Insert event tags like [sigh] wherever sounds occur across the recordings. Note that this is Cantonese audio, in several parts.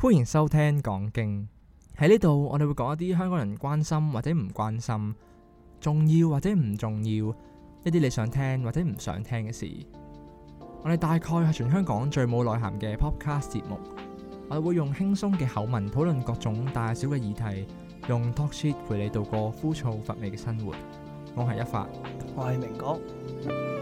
歡迎收聽講經。喺呢度，我哋會講一啲香港人關心或者唔關心，重要或者唔重要，一啲你想聽或者唔想聽嘅事。我哋大概係全香港最冇內涵嘅 podcast 節目。我哋會用輕鬆嘅口吻討論各種大小嘅議題，用 talk shit 陪你度過枯燥乏味嘅生活。我係一發，我係明哥。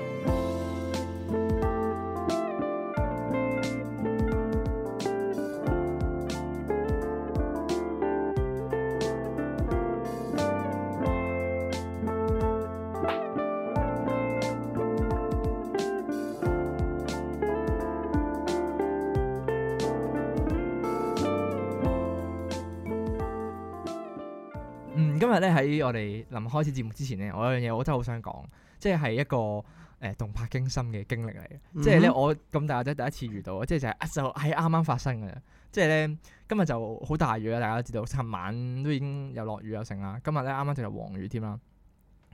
臨開始節目之前咧，我有一樣嘢，我真係好想講，即係一個誒、呃、動魄驚心嘅經歷嚟嘅。嗯、哼即係咧，我咁大個仔第一次遇到，即係就係、是、就係啱啱發生嘅。即係咧，今日就好大雨啦，大家都知道，尋晚都已經有落雨有成啦，今日咧啱啱就係黃雨添啦。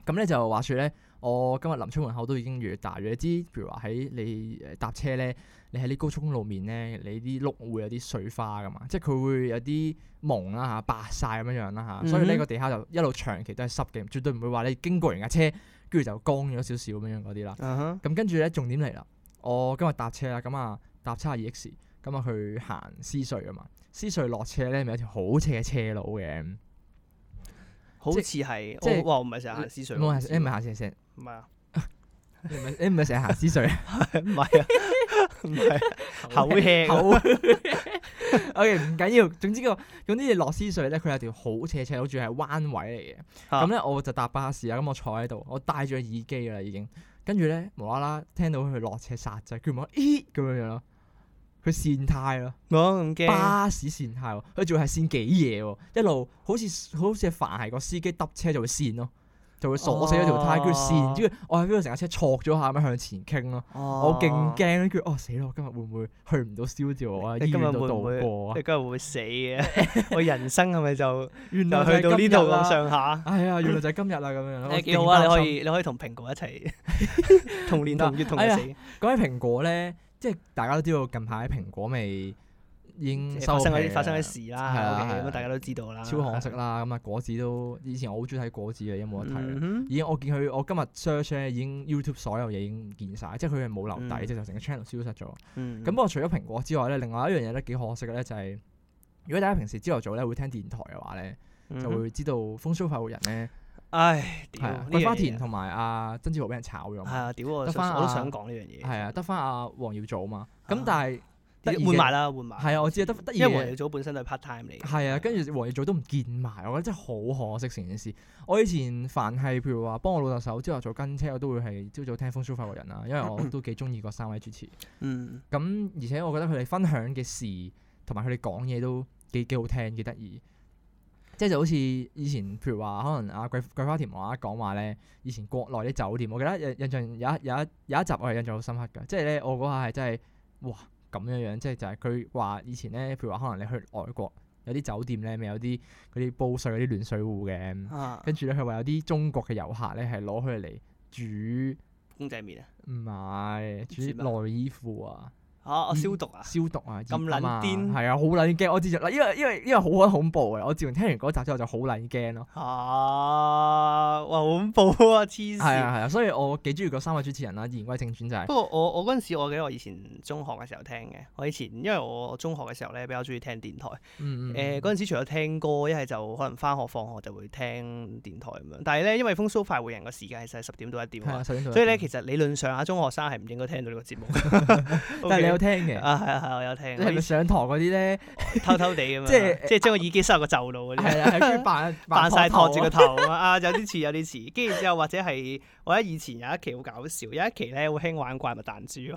咁咧就話説咧，我今日臨出門口都已經越嚟越大雨。你知，譬如話喺你、呃、搭車咧。你喺啲高速公路面咧，你啲碌會有啲水花噶嘛，即係佢會有啲蒙啦吓，白晒咁樣樣啦吓，所以呢個地下就一路長期都係濕嘅，絕對唔會話你經過完架車，跟住就乾咗少少咁樣嗰啲啦。咁跟住咧，重點嚟啦，我今日搭車啦，咁啊搭七二 X，咁啊去行城隧啊嘛。城隧落車咧，咪有條好斜嘅車路嘅。好似係即係話，唔係成日行城隧，唔係，你唔係成日行城隧？唔係啊。唔係 [laughs] 口氣，OK 唔緊要。總之個總之，你落獅隧咧，佢有條好斜斜好似係彎位嚟嘅。咁咧、啊，我就搭、哦、巴士啊。咁我坐喺度，我戴住耳機啦，已經跟住咧無啦啦聽到佢落車煞掣，佢唔冇咦咁樣樣咯。佢跣胎咯，我唔驚。巴士跣胎，佢仲要係跣幾嘢喎，一路好似好似凡係個司機揼車就會跣咯。佢會鎖死咗條胎，跟住跣，跟住我喺邊度成架車錯咗下，咁向前傾咯。我勁驚跟住哦，死咯！我今日會唔會去唔到消掉我啊？你今日會唔會？你今日會唔會死嘅。我人生係咪就原來去到呢度咁上下？哎呀，原來就今日啦咁樣。你幾好啊？你可以你可以同蘋果一齊同年同月同日死。講起蘋果咧，即係大家都知道近排蘋果未？發生嗰啲發生啲事啦，咁大家都知道啦。超可惜啦，咁啊果子都以前我好中意睇果子嘅，有冇得睇？已經我見佢，我今日 search 已經 YouTube 所有嘢已經唔見晒，即係佢係冇留底，即係成個 channel 消失咗。咁不過除咗蘋果之外咧，另外一樣嘢咧幾可惜嘅咧，就係如果大家平時朝頭早咧會聽電台嘅話咧，就會知道瘋 show 快活人咧，唉，桂花田同埋阿曾志豪俾人炒咗。得翻我都想講呢樣嘢。係啊，得翻阿黃耀祖啊嘛。咁但係。換埋啦，換埋。係啊，我知得得因為黃耀祖本身都係 part time 嚟。係啊，跟住黃耀祖都唔見埋，我覺得真係好可惜成件事。我以前凡係譬如話幫我老豆手朝頭做跟車，我都會係朝早聽《瘋 show 快活人》啊，因為我都幾中意嗰三位主持。咁、 [coughs] 嗯、而且我覺得佢哋分享嘅事同埋佢哋講嘢都幾幾好聽，幾得意。即、就、係、是、就好似以前譬如話，可能阿、啊、桂桂花田華講話咧，以前國內啲酒店，我記得印象有一有一有一，有一集我係印象好深刻㗎，即係咧我嗰下係真係哇！咁樣樣即係就係佢話以前咧，譬如話可能你去外國有啲酒店咧，咪有啲嗰啲煲水嗰啲暖水壺嘅，啊、跟住咧佢話有啲中國嘅遊客咧係攞佢嚟煮公仔麵啊，唔係煮內衣褲啊。啊，消啊、嗯！消毒啊！消毒耶啊！咁撚癲，係啊，好撚驚！我知，因為因為因為好鬼恐、啊、恐怖啊。我自從聽完嗰集之後就好撚驚咯。哦！哇，好恐怖啊！黐線。啊係啊，所以我幾中意嗰三位主持人啊。言歸正傳就係、是。不過我我嗰陣時，我記得我以前中學嘅時候聽嘅，我以前因為我中學嘅時候咧比較中意聽電台。嗯嗯。嗰、呃、時，除咗聽歌，一係就可能翻學放學就會聽電台咁樣。但係咧，因為《瘋 show 快活人》嘅時間係實係十點到一點啊，點點所以咧其實理論上啊，中學生係唔應該聽到呢個節目。 [laughs] okay, [laughs] 但係有聽嘅啊係啊，係，我有聽。你係咪上堂嗰啲咧？偷偷哋咁，即係即係將個耳機塞入個袖度嗰啲。係啊，扮扮曬托住個頭啊！有啲似有啲似。跟住之後或者係我覺得以前有一期好搞笑，有一期咧好興玩怪物彈珠。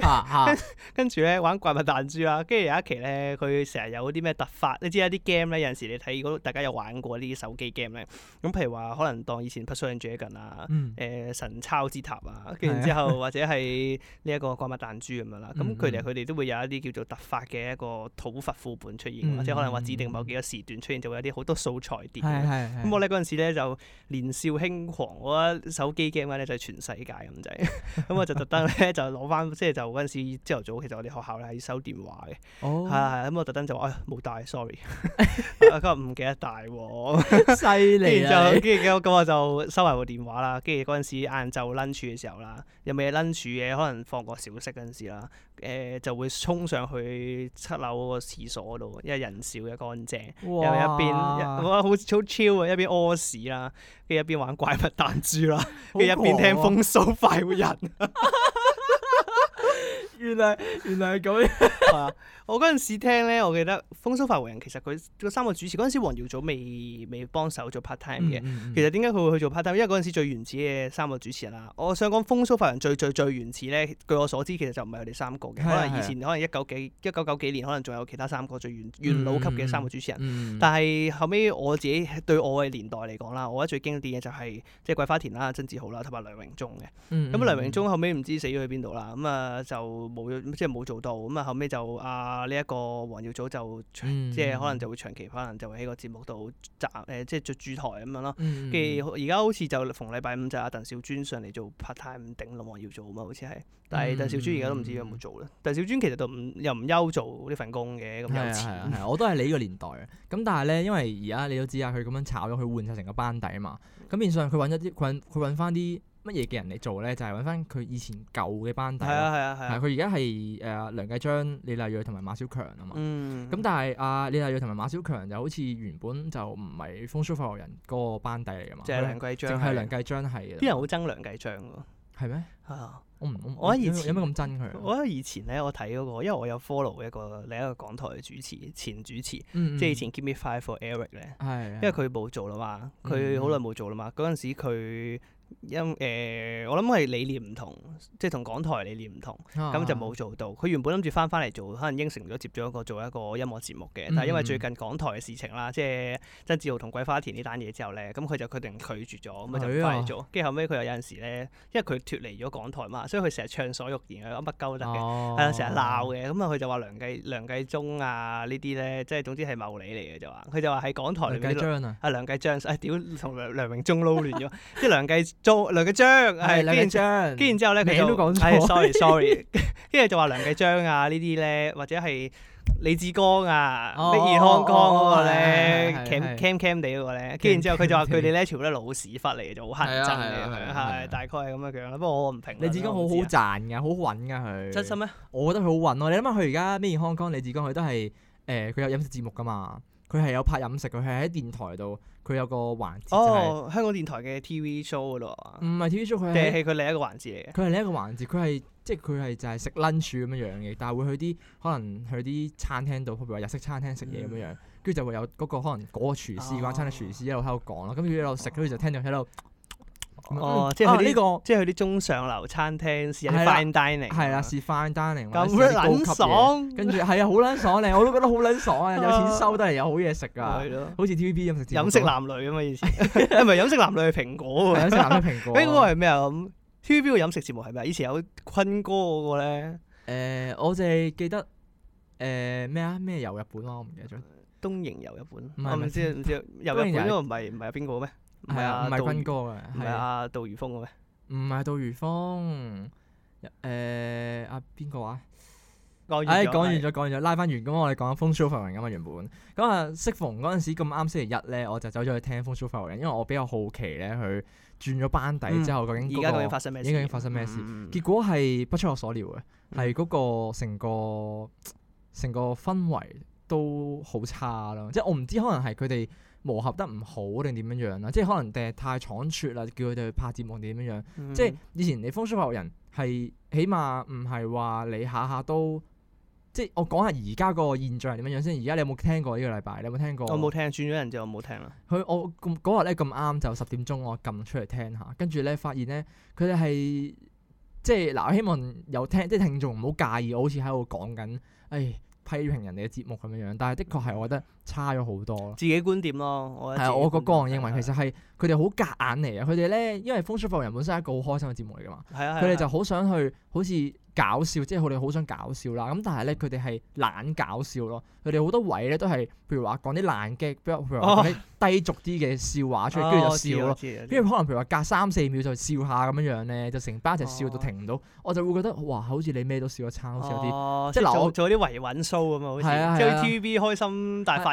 嚇，跟住咧玩怪物彈珠啊。跟住有一期咧佢成日有啲咩突發。你知啦，啲 game 咧有陣時你睇，大家有玩過呢啲手機 game 咧，咁譬如話可能當以前《Puzzle and Dragon》啊，誒《神抄之塔》啊，跟住之後或者係呢一個。乜彈珠咁樣啦，咁佢哋佢哋都會有一啲叫做突發嘅一個討伐副本出現，或者可能話指定某幾個時段出現就會有啲好多素材碟。咁我咧嗰時咧就年少輕狂，我手機 game 咧就係全世界咁滯，咁我就特登咧就攞翻，即係就嗰陣時朝頭早其實我哋學校咧係要收電話嘅，係係，咁我特登就話冇帶，sorry。佢話唔記得帶，犀利。跟住咁我就收埋部電話啦。跟住嗰陣時晏晝 lunch 嘅時候啦，有冇嘢 lunch 嘅可能放個小。唔識嗰時啦，誒、呃、就會衝上去七樓嗰個廁所度，因為人少嘅乾淨，又哇 一邊哇好好超啊，一邊屙屎啦，跟住一邊玩怪物彈珠啦，跟住狂、啊、一邊聽瘋 show 快活人，原來原來係咁樣。 [laughs] [laughs] [laughs] 我嗰陣時聽咧，我記得《瘋 show 快活人》，其實佢三個主持嗰陣時，黃耀祖未未幫手做 part time 嘅。嗯、其實點解佢會去做 part time？因為嗰陣時最原始嘅三個主持人啦。我想講《瘋 show 快活人》最最最原始咧，據我所知其實就唔係佢哋三個嘅，可能以前是的 可能一九幾一九九幾年可能仲有其他三個最元元老、嗯嗯、級嘅三個主持人。但係後尾我自己對我嘅年代嚟講啦，我覺得最經典嘅就係即係《就係、桂花田》啦、《曾志豪》啦，同埋梁榮忠嘅。咁梁榮忠後尾唔知死咗去邊度啦，咁啊就冇即係冇做到，咁啊後尾就。就啊呢一、這個黃耀祖就長、嗯、即係可能就會長期，可能就喺個節目度站誒，即係做主台咁樣咯。跟住而家好似就逢禮拜五就阿鄧小尊上嚟做 part time 頂落黃耀祖啊嘛，好似係。但係鄧小尊而家都唔知有冇做啦。鄧、嗯嗯、小尊其實就唔又唔休做呢份工嘅？咁有錢。係我都係你個年代啊。咁但係咧，因為而家你都知啊，佢咁樣炒咗，佢換曬成個班底啊嘛。咁變相，佢揾一啲，佢揾佢揾翻啲。乜嘢嘅人嚟做咧？就係揾翻佢以前舊嘅班底咯。係啊係啊係。佢而家係誒梁繼章、李麗蕊同埋馬小強啊嘛。咁但係阿李麗蕊同埋馬小強就好似原本就唔係瘋 show 快活人嗰個班底嚟㗎嘛。即係梁繼章。淨係梁繼章係。啲人好憎梁繼章㗎？係咩？係啊，我唔，我喺以前有咩咁憎佢？我覺得以前咧，我睇嗰個，因為我有 follow 一個另一個港台主持，前主持，即係以前 Give Me Five For Eric 咧。係。因為佢冇做啦嘛，佢好耐冇做啦嘛，嗰陣時佢。因誒、呃，我諗係理念唔同，即係同港台理念唔同，咁、啊、就冇做到。佢原本諗住翻翻嚟做，可能應承咗接咗一個做一個音樂節目嘅，但係因為最近港台嘅事情啦，嗯、即係曾志豪同桂花田呢單嘢之後咧，咁佢就決定拒絕咗，咁咪就唔翻嚟做。跟住、啊、後尾佢有陣時咧，因為佢脫離咗港台嘛，所以佢成日暢所欲言，乜鳩都得嘅，係啊，成日鬧嘅，咁啊佢就話梁繼梁繼宗啊呢啲咧，即係總之係謀利嚟嘅就話，佢就話喺港台嘅阿梁繼章啊，阿梁繼章，哎屌，同梁梁榮忠撈亂咗， [laughs] 即係梁繼。做梁繼章，係，跟住之後咧佢就，sorry sorry，跟住就話梁繼章啊呢啲咧，或者係李志剛啊，咩健康康嗰個咧，cam cam cam 地嗰個咧，跟住之後佢就話佢哋咧全部都老屎忽嚟嘅，就好乞憎嘅，係大概係咁嘅樣啦。不過我唔評。李志剛好好賺㗎，好好揾㗎佢。真心咩？我覺得佢好揾咯，你諗下佢而家咩健康康，李志剛佢都係誒，佢有飲食節目㗎嘛。佢係有拍飲食，佢係喺電台度，佢有個環節。哦、oh, 就係，香港電台嘅 TV show 咯。唔係 TV show，佢係佢另一個環節嚟。佢係另一個環節，佢係即係佢係就係食 lunch 咁樣樣嘅，但係會去啲可能去啲餐廳度，譬如話日式餐廳食嘢咁樣樣，跟住、mm. 就會有嗰、嗰個可能嗰個廚師啊，餐廳廚師一路喺度講咯，咁佢一路食，跟住就聽到喺度。哦，即係呢個，即係去啲中上流餐廳，試下，fine dining，係啦，試 fine dining 咁好爽，跟住係啊，好撚爽咧，我都覺得好撚爽啊！有錢收得嚟，有好嘢食噶，好似 T V B 飲食飲食男女啊嘛，以前唔係飲食男女係蘋果喎，飲食男女蘋果，誒嗰個係咩啊？咁 T V B 嘅飲食節目係咩？以前有坤哥嗰個咧。誒，我就係記得誒咩啊？咩遊日本咯？我唔記得咗。東瀛遊日本，我唔知唔知遊日本嗰個唔係唔係有邊個咩？係啊，唔係君哥嘅，唔係阿杜如風嘅咩？唔係杜如風，誒、呃，阿邊個話？講、啊啊啊、完咗，講是完咗，拉翻完，咁我哋講風 show 快活人嘅嘛原本。咁啊，適逢嗰陣時咁啱星期一咧，我就走咗去聽風 show 快活人。因為我比較好奇咧，佢轉咗班底之後，嗯、究竟而家究竟發生咩事？呢個發生咩事？嗯、結果係不出我所料嘅，係嗰、嗯、個成個成個氛圍都好差啦。即、就、係、是、我唔知，可能係佢哋。磨合得唔好定點樣樣啦？即係可能定係太倉促啦，叫佢哋去拍節目點樣樣？嗯、即係以前你瘋 show 快活人係起碼唔係話你下下都即係我講下而家個現象係點樣樣先。而家你有冇聽過呢個禮拜？你有冇聽過？我冇聽，轉咗人之後我我、那個、就冇聽啦。佢我嗰日咧咁啱就十點鐘，我撳出嚟聽下，跟住咧發現咧佢哋係即係嗱，我希望有聽即係聽眾唔好介意，我好似喺度講緊誒批評人哋嘅節目咁樣樣，但係的確係我覺得。差咗好多咯，自己觀點咯，係啊，我個個人認為其實係佢哋好夾硬嚟嘅。佢哋咧，因為《瘋 show 快活人》本身係一個好開心嘅節目嚟噶嘛，佢哋就好想去好似搞笑，即係佢哋好想搞笑啦。咁但係咧，佢哋係懶搞笑咯。佢哋好多位咧都係，譬如話講啲爛 gag，譬如話講啲低俗啲嘅笑話出嚟，跟住就笑咯。跟住可能譬如話隔三四秒就笑下咁樣樣咧，就成班一齊笑到停唔到。我就會覺得哇，好似你咩都笑得差好似有啲，即係做咗啲維穩 show 咁啊！好似 TVB 開心大快。係、 [noise] 嗯、 [noise] 啊，真，大綜藝嗰啲，都係綜，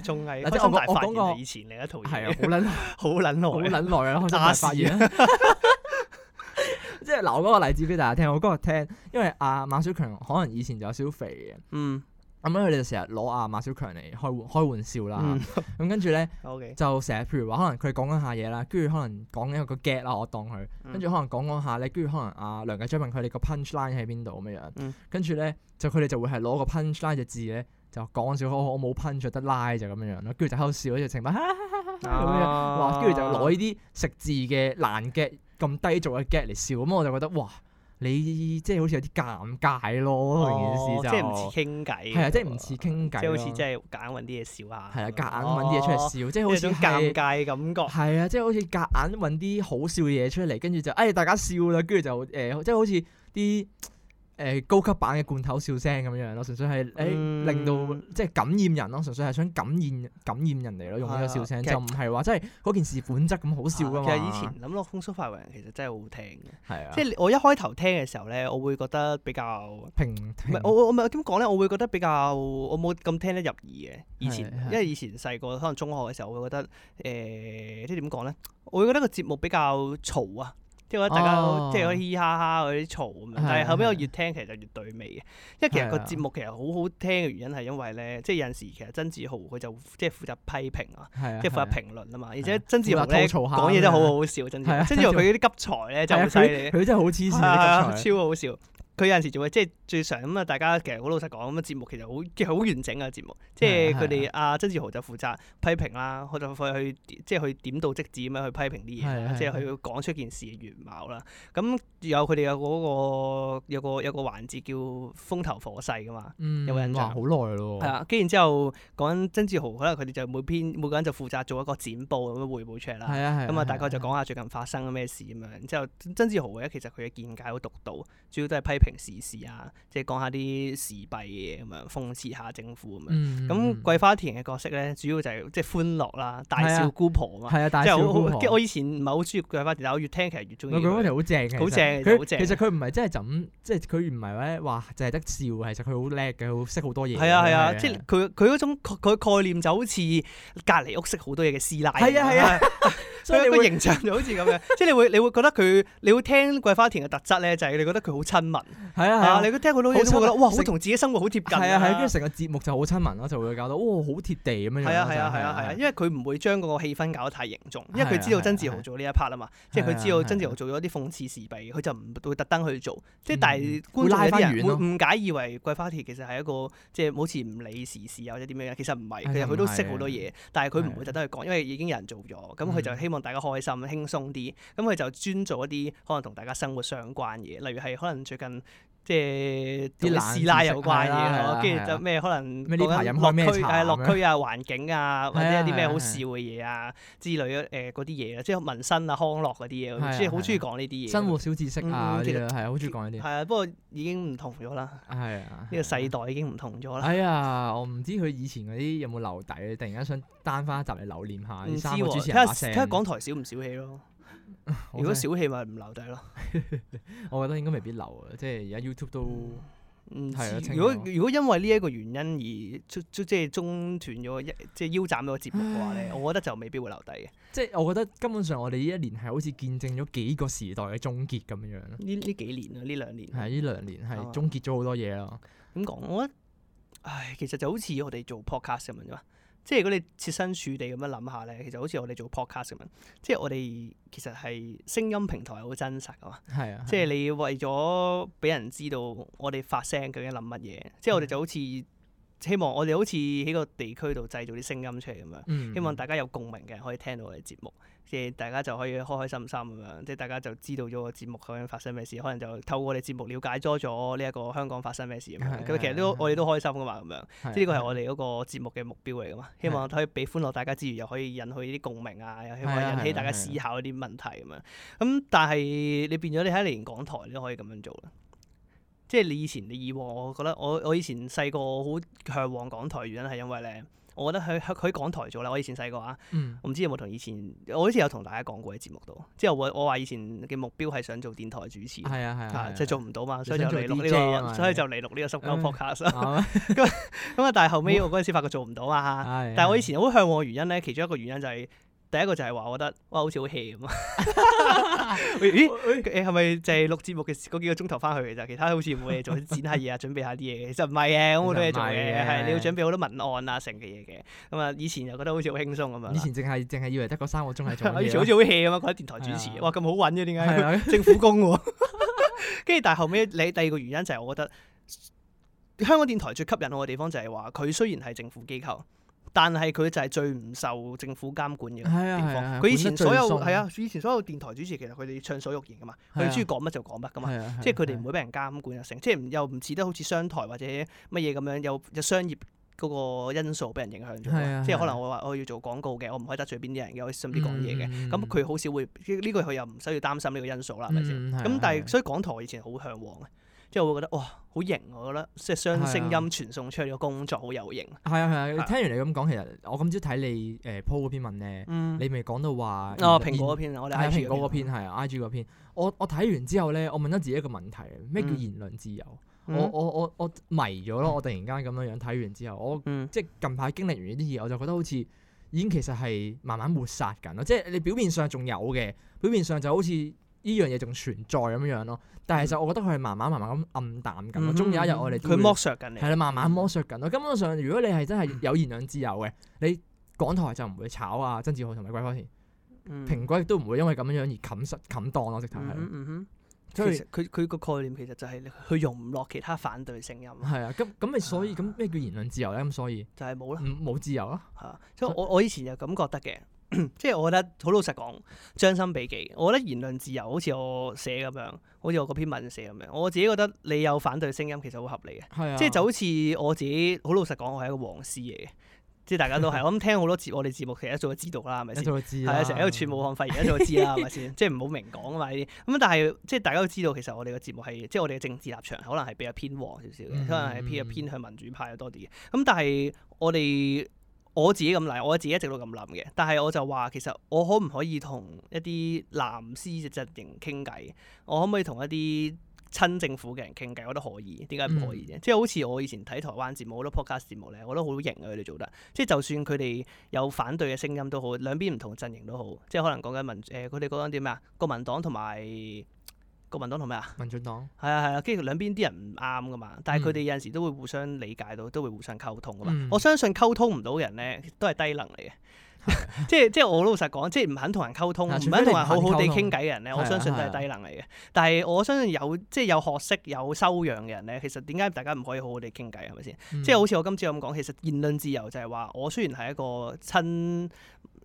即係我我講個以前另一套嘢。係啊，好撚好撚耐，好撚耐啊，大發現啊！ [noise] [laughs] [laughs] [laughs] [laughs] 即係嗱，我嗰個例子俾大家聽，我嗰日聽，因為阿、啊、馬小強可能以前就有少少肥嘅，嗯。咁咧佢哋就成日攞阿馬小強嚟開開玩笑啦，咁跟住咧就成日，譬如話可能佢講緊下嘢啦，跟住可能講緊、嗯、一個 get 啊，我當佢，跟住可能講講下咧，跟住可能阿梁繼璋問佢哋個 punch line 喺邊度咁樣樣，跟住咧就佢哋就會係攞個 punch line 隻字咧就講笑：「少，我我冇 punch 得拉就咁樣樣咯，跟住就喺度笑，一直成班咁樣，哇！跟住就攞呢啲食字嘅爛 get 咁低俗嘅 get 嚟笑，咁我就覺得哇～你即係好似有啲尷尬咯，哦、件事就係啊，即係唔似傾偈，即係唔似傾偈，即係好似即係夾硬揾啲嘢笑下，係啊、哦，夾硬揾啲嘢出嚟笑，哦、即係好似尷尬嘅感覺，係啊，即係好似夾硬揾啲好笑嘅嘢出嚟，跟住就誒、哎、大家笑啦，跟住就誒、呃、即係好似啲。誒、欸、高級版嘅罐頭笑聲咁樣樣咯，純粹係誒、欸嗯、令到即係感染人咯，純粹係想感染感染人嚟咯，用呢個笑聲的就唔係話即係嗰件事本質咁好笑咯。其實以前諗落瘋 show 快活人，其實真係好好聽嘅。係啊的，即係我一開頭聽嘅時候咧，我會覺得比較平。唔係我我咪點講咧？我會覺得比較我冇咁聽得入耳嘅。以前的因為以前細個可能中學嘅時候，會覺得誒即係點講咧？我會覺得，呃、會覺得個節目比較嘈啊。因為大家即係可以嘻嘻哈哈嗰啲嘈咁樣，但係後尾我越聽其實就越對味嘅，因為其實個節目其實好好聽嘅原因係因為咧，即係有陣時其實曾志豪佢就即係負責批評啊，即係負責評論啊嘛，而且曾志豪咧講嘢真係好好笑啊，曾志豪佢嗰啲急才咧就好犀利，佢真係好黐線，超好笑。佢有陣時做嘅即係最常咁啊！大家其實好老實講，咁啊節目其實好即係好完整嘅節目。即係佢哋阿曾志豪就負責批評啦，佢就去即係去點到即止咁樣去批評啲嘢，即係去講出件事嘅原貌啦。咁有佢哋有嗰個有個有個環節叫風頭火勢噶嘛，有冇印象？哇！好耐咯～係啊，跟然之後講曾志豪，可能佢哋就每篇每個人就負責做一個剪報咁樣匯報出嚟啦。咁啊大概就講下最近發生咗咩事咁樣。之後曾志豪咧其實佢嘅見解好獨到，主要都係批。平時事啊，即係講下啲時弊嘅嘢咁樣，諷刺下政府咁樣。咁桂花田嘅角色咧，主要就係即係歡樂啦，大笑姑婆嘛。係啊，大笑姑婆。我以前唔係好中意桂花田，但我越聽其實越中意。桂花田好正，好正，好正。其實佢唔係真係咁，即係佢唔係咧話淨係得笑。其實佢好叻嘅，好識好多嘢。係啊係啊，即係佢佢嗰種佢概念就好似隔離屋識好多嘢嘅師奶。係啊係啊，所以個形象就好似咁樣。即係你會你會覺得佢，你會聽桂花田嘅特質咧，就係你覺得佢好親民。係啊，你都聽好多嘢都覺得哇，好同自己生活好貼近啊！係啊，跟住成個節目就好親民咯，就會搞到哇好貼地咁樣。係啊，係啊，係啊，因為佢唔會將個氣氛搞得太凝重，因為佢知道曾志豪做呢一 part 啦嘛，即係佢知道曾志豪做咗啲諷刺時弊，佢就唔會特登去做。即係但係觀眾啲人會誤解以為《貴花田》其實係一個即係好似唔理時事或者點樣，其實唔係，其實佢都識好多嘢，但係佢唔會特登去講，因為已經有人做咗，咁佢就希望大家開心輕鬆啲，咁佢就專做一啲可能同大家生活相關嘅，例如係可能最近。即係啲師奶又關嘢咯，跟住就咩可能講下落區啊、落區啊、環境啊，或者一啲咩好笑嘅嘢啊之類嘅，誒嗰啲嘢即係民生啊、康樂嗰啲嘢，即係好中意講呢啲嘢。生活小知識啊，係啊，好中意講呢啲。係啊，不過已經唔同咗啦。係啊，呢個世代已經唔同咗啦。哎呀，我唔知佢以前嗰啲有冇留底，突然間想單翻一集嚟留念下。唔知喎。睇下睇下港台少唔少戲咯。如果小氣咪唔留低咯， [laughs] 我覺得應該未必留啊。即係而家 YouTube 都，嗯、如果如果因為呢一個原因而中斷即即係中斷咗一即係腰斬咗個節目嘅話咧，唉我覺得就未必會留低嘅。即係我覺得根本上我哋呢一年係好似見證咗幾個時代嘅終結咁樣樣。呢呢幾年啊，呢兩年係呢兩年係終結咗好多嘢咯。點講？我覺得，唉，其實就好似我哋做 podcast 咁樣。即係如果你設身處地咁樣諗下咧，其實好似我哋做 podcast 咁，即係我哋其實係聲音平台好真實，係啊嘛。係啊，即係你要為咗俾人知道我哋發聲究竟諗乜嘢，係啊、即係我哋就好似係、啊、希望我哋好似喺個地區度製造啲聲音出嚟咁樣，嗯嗯希望大家有共鳴嘅可以聽到我哋節目。即係大家就可以開開心心咁樣，即係大家就知道咗個節目究竟發生咩事，可能就透過我哋節目了解多咗呢一個香港發生咩事咁樣。咁的其實都的我哋都開心噶嘛，咁的樣。即係呢個係我哋嗰個節目嘅目標嚟噶嘛，的希望可以俾歡樂大家之餘，的又可以引起啲共鳴啊，又希望引起大家思考啲問題咁樣。咁但係你變咗你喺連港台都可以咁樣做啦。即係你以前你以往，我覺得我我以前細個好向往港台，原因係因為咧。我覺得喺佢港台做啦，我以前細個啊，嗯、我唔知有冇同以前，我好似有同大家講過喺節目度。之後我我話以前嘅目標係想做電台主持，係啊係啊，即係、啊就是、做唔到嘛，你們 所以就嚟錄呢、這個，J, 所以就嚟錄呢個十九 podcast。咁咁、嗯、啊， [laughs] [laughs] 但係後尾我嗰陣時發覺做唔到啊嚇，哇但係我以前好向往嘅原因咧，其中一個原因就係、是。第一個就係話，我覺得哇，好似好 hea 咁咦，係咪就係錄節目嘅嗰幾個鐘頭翻去嘅啫？其他好似冇嘢做，剪下嘢啊，準備下啲嘢，其實唔係嘅，咁好多嘢做嘅的，係、啊、你要準備好多文案啊，成嘅嘢嘅。咁啊，以前就覺得好似好輕鬆咁啊。以前淨係淨係以為 [laughs] 以得嗰三個鐘係做嘢，好似好 hea 咁啊！嗰啲電台主持，啊、哇，咁好搵嘅點解？政府工喎。跟住是、啊， [laughs] [laughs] [laughs] 但係後尾，你第二個原因就係我覺得香港電台最吸引我嘅地方就係話，佢雖然係政府機構。但係佢就係最唔受政府監管嘅地方。佢以前所有係啊，以前所有電台主持其實佢哋暢所欲言㗎嘛，佢鍾意講乜就講乜㗎嘛，即係佢哋唔會俾人監管又成，即係又唔似得好似商台或者乜嘢咁樣有商業嗰個因素俾人影響咗。即係可能我話我要做廣告嘅，我唔可以得罪邊啲人嘅，我甚至講嘢嘅。咁佢好少會呢個佢又唔需要擔心呢個因素啦，係咪先？咁但係所以港台以前好向往嘅。即係會覺得哇，好型！我覺得即係雙聲音傳送出嚟個工作好有型。係啊係啊，聽完你咁講，其實我今朝睇你誒 po 嗰篇文咧，你咪講到話哦，蘋果嗰篇我哋 I，係蘋果嗰篇係啊，I G 嗰篇。我我睇完之後咧，我問咗自己一個問題：咩叫言論自由？我我我我迷咗咯！我突然間咁樣樣睇完之後，我即係近排經歷完呢啲嘢，我就覺得好似已經其實係慢慢抹殺緊咯。即係你表面上仲有嘅，表面上就好似。呢樣嘢仲存在咁樣咯，但係其實我覺得佢係慢慢慢慢咁暗淡緊，嗯、哼終有一日我哋佢剝削緊你係啦，慢慢剝削緊咯。根本上，如果你係真係有言論自由嘅，嗯、哼你港台就唔會炒啊，曾志豪同埋貴花田，嗯、蘋果都唔會因為咁樣而冚實冚檔咯，啊，直頭係。嗯、哼所以佢佢個概念其實就係佢容唔落其他反對聲音。係啊，咁咁咪所以咁咩、啊、叫言論自由咧？咁所以就係冇啦，冇自由啊！所以我我以前就咁覺得嘅。 [coughs] 即係我覺得好老實講，將心比己。我覺得言論自由，好似我寫咁樣，好似我嗰篇文寫咁樣。我自己覺得你有反對聲音，其實好合理嘅。啊、即係就好似我自己好老實講，我係一個黃絲嚟嘅。即係大家都係，我諗聽好多節我哋節目，其實一早都知道啦，係咪先？早就知啦，成日喺度串武漢肺，而家早就知啦，係咪先？即係唔好明講啊嘛呢啲。咁但係即係大家都知道，其實我哋嘅節目係，即係我哋嘅政治立場可能係比較偏黃少少嘅，嗯、可能係比較偏向民主派多啲嘅。咁但係我哋。我自己咁嚟，我自己一直都咁諗嘅，但係我就話其實我可唔可以同一啲藍絲嘅陣營傾偈？我可唔可以同一啲親政府嘅人傾偈？我覺得可以，點解唔可以啫？嗯、即係好似我以前睇台灣節目好多 podcast 節目咧，我覺得好型啊，佢哋做得，即係就算佢哋有反對嘅聲音都好，兩邊唔同陣營都好，即係可能講緊民誒，佢哋講緊啲咩啊？國民黨同埋。國民黨同咩啊？民主黨。係啊，係啊，跟住兩邊啲人唔啱噶嘛，但係佢哋有陣時都會互相理解到，嗯、都會互相溝通噶嘛。嗯、我相信溝通唔到嘅人咧，都係低能嚟嘅、嗯。 [laughs] 即係即係我老實講，即係唔肯同人溝通，唔肯同人好好地傾偈嘅人咧，嗯、我相信都係低能嚟嘅。嗯、但係我相信有即係有學識、有修養嘅人咧，其實點解大家唔可以好好地傾偈係咪先？嗯、即係好似我今次咁講，其實言論自由就係話，我雖然係一個親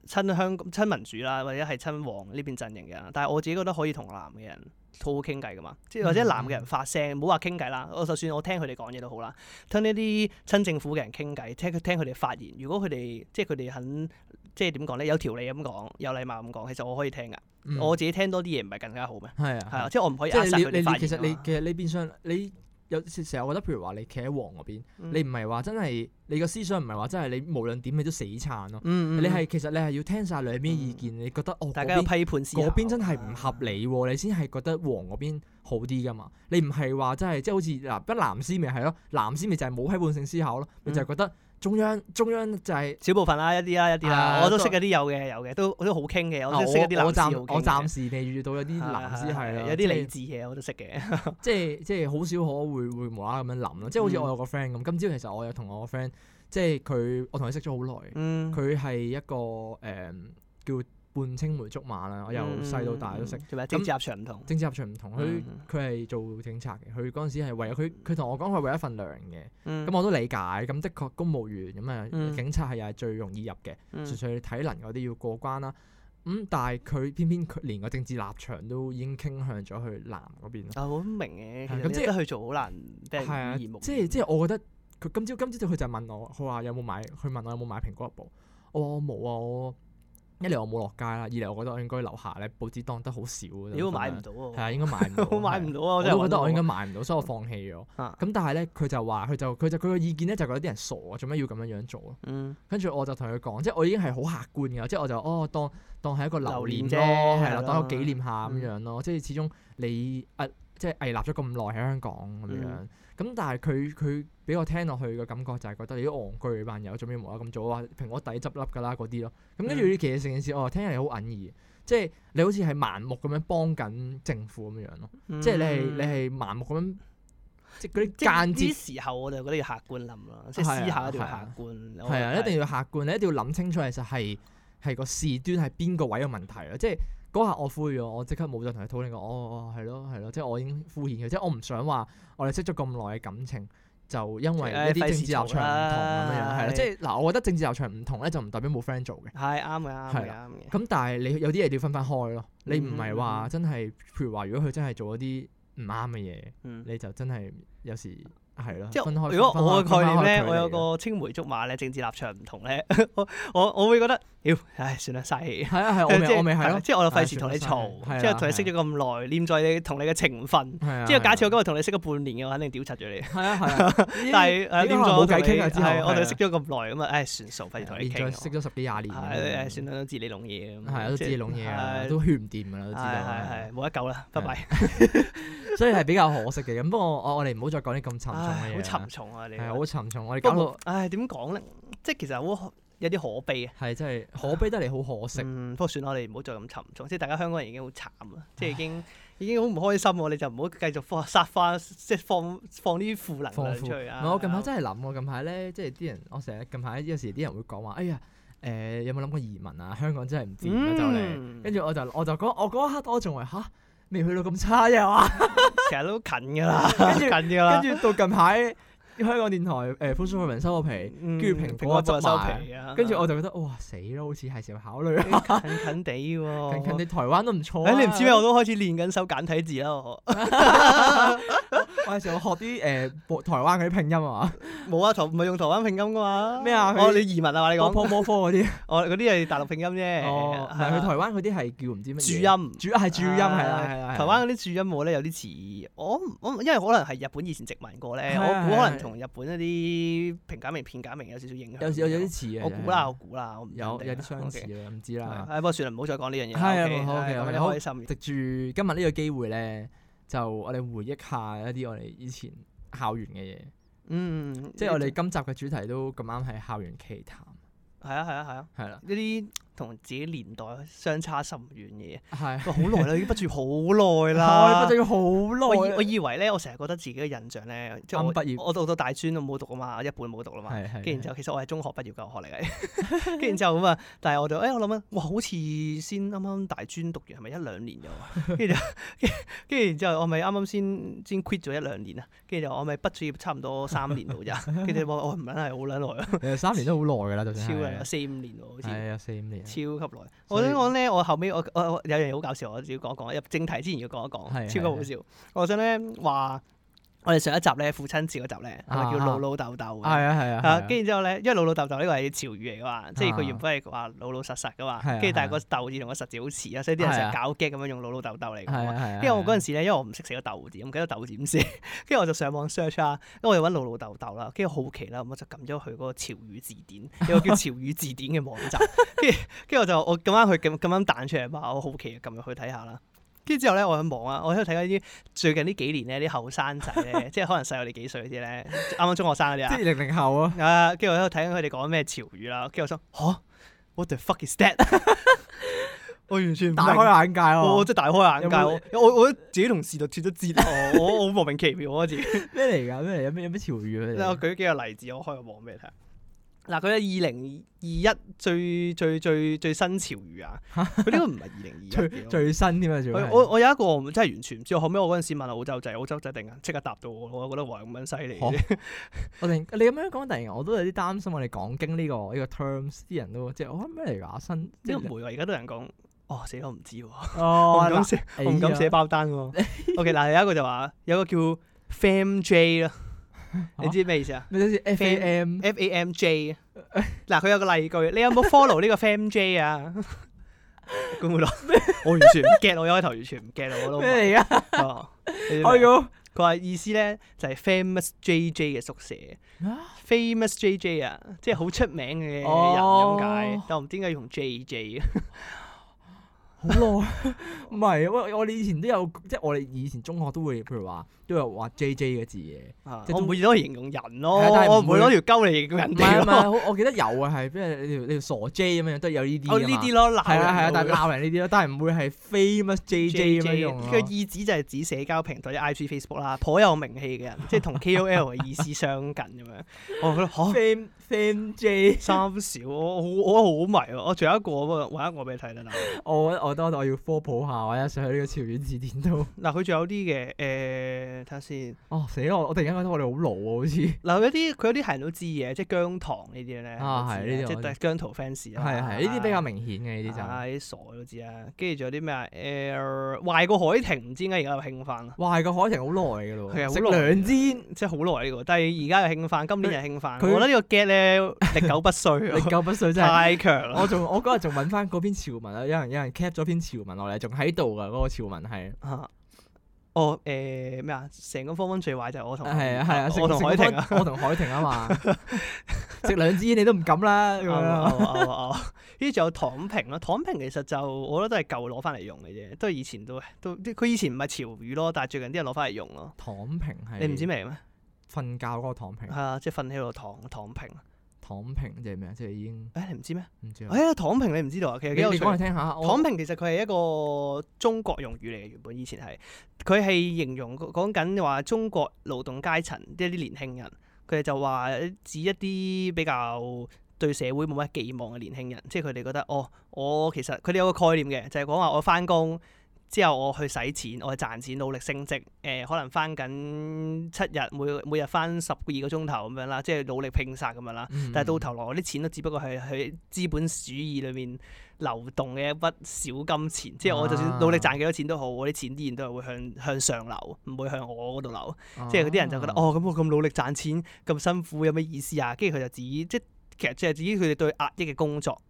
親香親民主啦，或者係親黃呢邊陣營嘅人，但係我自己覺得可以同藍嘅人。好好傾偈㗎嘛，即係或者男嘅人發聲，唔好話傾偈啦。嗯、我就算我聽佢哋講嘢都好啦，聽呢啲親政府嘅人傾偈，聽佢聽佢哋發言。如果佢哋即係佢哋肯，即係點講咧？有條理咁講，有禮貌咁講，其實我可以聽㗎。嗯、我自己聽多啲嘢唔係更加好咩？係啊，係啊，即係我唔可以扼殺佢哋發言。其實你其實你變相你。有成日，我覺得譬如話你企喺黃嗰邊，嗯、你唔係話真係你個思想唔係話真係你無論點你都死撐咯。嗯嗯、你係其實你係要聽晒兩邊意見，嗯、你覺得哦大家有批判思考嗰邊真係唔合理喎，啊、你先係覺得黃嗰邊好啲㗎嘛。你唔係話真係即係好似嗱一藍絲咪係咯，藍絲咪就係、是、冇批判性思考咯，嗯、你就係覺得。中央中央就係、是、少部分啦、啊，一啲啦、啊，一啲啦、啊，啊、我都識嗰啲有嘅，有嘅，都都好傾嘅，啊、我都識一啲男士。我暫時未遇到有啲男士係，有啲理智嘅、就是、我都識嘅。即係即係好少可會會無啦咁樣諗咯。即係、嗯、好似我有個 friend 咁，今朝其實我有同我個 friend，即係佢，我同佢識咗好耐。佢係一個誒、就是嗯嗯、叫。半青梅竹馬啦，我由細到大都識、嗯嗯。政治立場唔同。政治立場唔同，佢佢係做警察嘅，佢嗰陣時係為佢佢同我講係為咗份糧嘅。咁、嗯、我都理解，咁的確公務員咁啊警察係又係最容易入嘅，嗯、純粹體能嗰啲要過關啦。咁、嗯嗯、但係佢偏偏佢連個政治立場都已經傾向咗去藍嗰邊。啊，我都明嘅。咁即係去做好難即係即係，我覺得佢今朝今朝佢就問我，佢話、啊、有冇買？佢問我有冇買蘋果一部。我話冇啊，我。一嚟我冇落街啦，二嚟我覺得我應該留下咧，報紙檔得好少如果係。買唔到喎？係啊，應該買唔到。我買唔到啊！我覺得我應該買唔到，所以我放棄咗。咁 [laughs] 但係咧，佢就話佢就佢就佢嘅意見咧，就覺得啲人傻，做咩要咁樣樣做。跟住、嗯、我就同佢講，即係我已經係好客觀㗎，即係我就哦，當當係一個留念咯，係啦，的的當係一個紀念下咁樣咯，嗯、即係始終你啊。即係屹立咗咁耐喺香港咁樣，咁但係佢佢俾我聽落去嘅感覺就係覺得你啲憨居班友做咩無啦啦咁早啊，蘋果底執笠㗎啦嗰啲咯，咁跟住其實成件事，我、嗯啊、聽起嚟好隱義，即、就、係、是、你好似係盲目咁樣幫緊政府咁樣咯，即係、嗯、你係你係盲目咁即係嗰啲間接時候，我就覺得要客觀諗啦，即係思考、就是、一定要客觀，係啊，啊，啊，一定要客觀，你一定要諗清楚其實係係個事端係邊個位嘅問題咯，即係。嗰下我灰咗，我，即刻冇再同佢討論過，哦哦，係咯係咯，即係我已經敷衍佢，即係我唔想話我哋識咗咁耐嘅感情就因為一啲政治立場唔同咁樣，係啦，即係嗱，我覺得政治立場唔同咧，就唔代表冇 friend 做嘅。係啱嘅，係啱嘅。咁但係你有啲嘢要分返開咯，你唔係話真係，譬如話如果佢真係做一啲唔啱嘅嘢，你就真係有時係咯，即係分開如果我嘅概念咧，我有個青梅竹馬咧，政治立場唔同咧，我我我會覺得。妖，唉，算啦，嘥氣。係啊係，我未我未係咯，即係我就費事同你嘈，即係同你識咗咁耐，念在你同你嘅情分。即係假設我今日同你識咗半年嘅話，我肯定屌柒咗你。係啊係啊。但係，誒，念在冇偈傾啊，之後，我哋識咗咁耐，咁啊，唉，算數，費事同你傾。念在識咗十幾廿年。係算啦，都知你弄嘢。係啊，都知你弄嘢啊，都圈唔掂噶啦，都知道。係冇得救啦，拜拜。所以係比較可惜嘅，咁不過我哋唔好再講啲咁沉重。好沉重啊！你好沉重。我哋不過，唉，點講咧？即係其實好。有啲可悲啊，係真係可悲得嚟，好可惜。不過、嗯、算啦，我哋唔好再咁沉重，即係大家香港人已經好慘啦，即係已經唉 已經好唔開心喎，你就唔好繼續放殺花，即係放放啲負能量出去負啊、嗯。我近排真係諗，我近排咧，即係啲人，我成日近排有時啲人會講話，哎呀，誒、呃、有冇諗過移民啊？香港真係唔知。」就嚟。跟住我就我就講，我嗰一刻我仲係吓，未、啊、去到咁差又啊。 [laughs] 其實都近㗎啦，近㗎啦。跟住到近排。香港電台誒 Facebook 個文收個皮，跟住蘋果再收皮、啊。跟住我就覺得哇，死咯，好似係時候考慮下近近啲喎、啊，近近啲台灣都唔錯、啊。誒、哎、你唔知咩？我都開始練緊首簡體字啦我。 [laughs] [laughs] 有時我學啲誒台灣嗰啲拼音啊，冇啊，台唔係用台灣拼音噶嘛。咩啊？哦，你移民啊嘛你講。波波波嗰啲，哦嗰啲係大陸拼音啫，係去台灣嗰啲係叫唔知咩注音。主，注係注音係啦，係係係。台灣嗰啲注音我咧有啲似，我我因為可能係日本以前殖民過咧，我估可能同日本一啲平假名片假名有少少影響。有有有啲似我估啦，我估啦，有有啲相似啊，唔知啦。不過算啦，唔好再講呢樣嘢。係啊，好，我哋開心。藉住今日呢個機會咧。就我哋回憶下一啲我哋以前校園嘅嘢，嗯，即係我哋今集嘅主題都咁啱係校園奇談。係啊係啊係啊，係啦呢啲。同自己年代相差甚遠嘅，個好耐啦，已經畢業好耐啦，畢咗業好耐。我我以為咧，我成日覺得自己嘅印象咧，即係我我到到大專都冇讀啊嘛，一半冇讀啦嘛。跟住然之後，其實我係中學畢業嘅學歷嚟嘅。跟住然之後咁啊，但係我就誒，我諗緊，哇，好似先啱啱大專讀完係咪一兩年㗎？跟住跟住然之後，我咪啱啱先先 quit 咗一兩年啊，跟住就我咪畢業差唔多三年度咋，跟住我我唔係好撚耐啊。三年都好耐㗎啦，就算。超耐四五年好似係啊，四五年。超級耐，所以 我想講咧，我後尾，我我有樣嘢好搞笑，我要講講入正題之前要講一講，的超級好笑。我想咧話。我哋上一集咧，父親節嗰集咧，咪叫老老豆豆？係啊哈，係啊。跟住之後咧，因為老老豆豆呢個係潮語嚟嘅嘛，啊、哈即係佢原本係話老老實實嘅嘛。啊、哈跟住、啊、哈但係個豆字同個實字好似啊哈，所以啲人成日搞激咁樣用老老豆豆嚟講。係跟住我嗰陣時咧，因為我唔識寫個豆字，唔記得豆字點寫，跟住我就上網 search 啦。因為我哋揾老老豆豆啦，跟住好奇啦，咁我就撳咗去嗰個潮語字典，有一個叫潮語字典嘅網站。跟住，跟住我就我咁啱佢咁咁啱彈出嚟嘛，我好奇啊，撳入去睇下啦。之後咧，我喺度望啊，我喺度睇緊啲最近呢幾年咧啲後生仔咧，呢 [laughs] 即係可能細我哋幾歲啲咧，啱啱中學生嗰啲 [laughs] 啊，即係零零後啊。啊，跟住我喺度睇緊佢哋講咩潮語啦，跟住我心嚇，what the fuck [laughs] is that？我完全唔開眼界喎，真大開眼界喎、啊！我、啊、有有我，我自己同事就脫得節我，好莫名其妙我覺得。咩嚟㗎？咩有咩有咩潮語嚟、啊？嗱，我舉幾個例子，我開個網俾你睇。嗱，佢係二零二一最最最最新潮語啊！佢呢個唔係二零二一最新添嘛？我我有一個我真係完全唔知，後尾我嗰陣時問澳洲仔，澳洲仔突然即刻答到我，我覺得哇咁、哦、 [laughs] 樣犀利！我連你咁樣講突然間，我都有啲擔心，我哋講經呢個呢、呢個 terms 啲人都即係我咩嚟㗎新，即係唔會而家都有人講：哦，死我唔知喎，我唔、哦、 [laughs] 敢寫，啊、敢寫包單喎。啊、 [laughs] OK，嗱，有一個就話有個叫 Fam J 啦。你知咩意思啊？你意思？FAM FAMJ 嗱，佢有個例句，你有冇 follow 呢個 FAMJ 啊？官冇咯， [laughs] 我完全唔 get，我一開頭完全唔 get，我都咩嚟噶？我佢話意思咧就係、是、famous JJ 嘅宿舍，famous JJ 啊， [laughs] j j，即係好出名嘅人咁解，哦、但我唔知點解要同 JJ 啊？ [laughs] 好耐唔係我哋以前都有，即係我哋以前中學都會譬如話都有話 J J 嘅字嘅，我每次都係形容人咯，我唔會攞條鳩嚟形容人。唔係唔係，我記得有啊，係即係條傻 J 咁樣，都有呢啲。呢啲咯，係啊係啊，但係鬧人呢啲咯，但係唔會係 famous J J 咁樣。個意思就係指社交平台，I G Facebook 啦，頗有名氣嘅人，即係同 K O L 嘅意思相近咁樣。我覺得好 famous f a J 三少，我我我好迷啊，我仲有一個，我揾一個俾你睇啦，嗱，我我。我覺得我要科普下，或者上去呢個潮語字典度。嗱，佢仲有啲嘅，誒睇下先。哦，死咯！我突然間覺得我哋好老啊，好似。嗱，有啲佢有啲係人都知嘅，即係姜糖呢啲咧。呢即係姜濤 fans。係啊係，呢啲比較明顯嘅呢啲就。啊，啲傻都知啊！跟住仲有啲咩誒？壞過海婷，唔知點解而家又興翻。壞過海婷好耐嘅咯。食兩支，即係好耐呢個。但係而家又興翻，今年又興翻。佢覺得呢個 get 咧，歷久不衰。歷久不衰真係。太強啦！我仲我嗰日仲揾翻嗰篇潮文啊！有人有人 cap 有篇潮文落嚟，仲喺度㗎。嗰個潮文係。嚇！我咩啊？成、哦呃、個方方最壞就係我同，係啊係啊，我同海婷啊，我同海婷啊嘛。 [laughs] 食兩支煙你都唔敢啦咁樣、啊哦。哦仲、哦哦、 [laughs] 有躺平咯、啊， [laughs] 躺平其實就我覺得都係舊攞翻嚟用嘅啫，都係以前都都佢以前唔係潮語咯，但係最近啲人攞翻嚟用咯。躺平係你唔知咩咩？瞓覺嗰個躺平係啊，即係瞓喺度躺躺平。躺平即係咩啊？即係已經誒、哎，你唔知咩？唔知誒、哎，躺平你唔知道啊？其實幾有趣。你講嚟聽下。躺平其實佢係一個中國用語嚟嘅，原本以前係佢係形容講緊話中國勞動階層一啲年輕人，佢哋就話指一啲比較對社會冇乜寄望嘅年輕人，即係佢哋覺得哦，我其實佢哋有個概念嘅，就係講話我翻工。之後我去使錢，我去賺錢，努力升職，誒、呃、可能翻緊七日，每每日翻十二個鐘頭咁樣啦，即係努力拼殺咁樣啦。但係到頭來，我啲錢都只不過係喺資本主義裏面流動嘅一筆小金錢。嗯、即係我就算努力賺幾多錢都好，啊、我啲錢依然都係會向向上流，唔會向我嗰度流。啊、即係嗰啲人就覺得，啊、哦咁我咁努力賺錢咁辛苦，有咩意思啊？跟住佢就至於，即其實即係至於佢哋對壓抑嘅工作。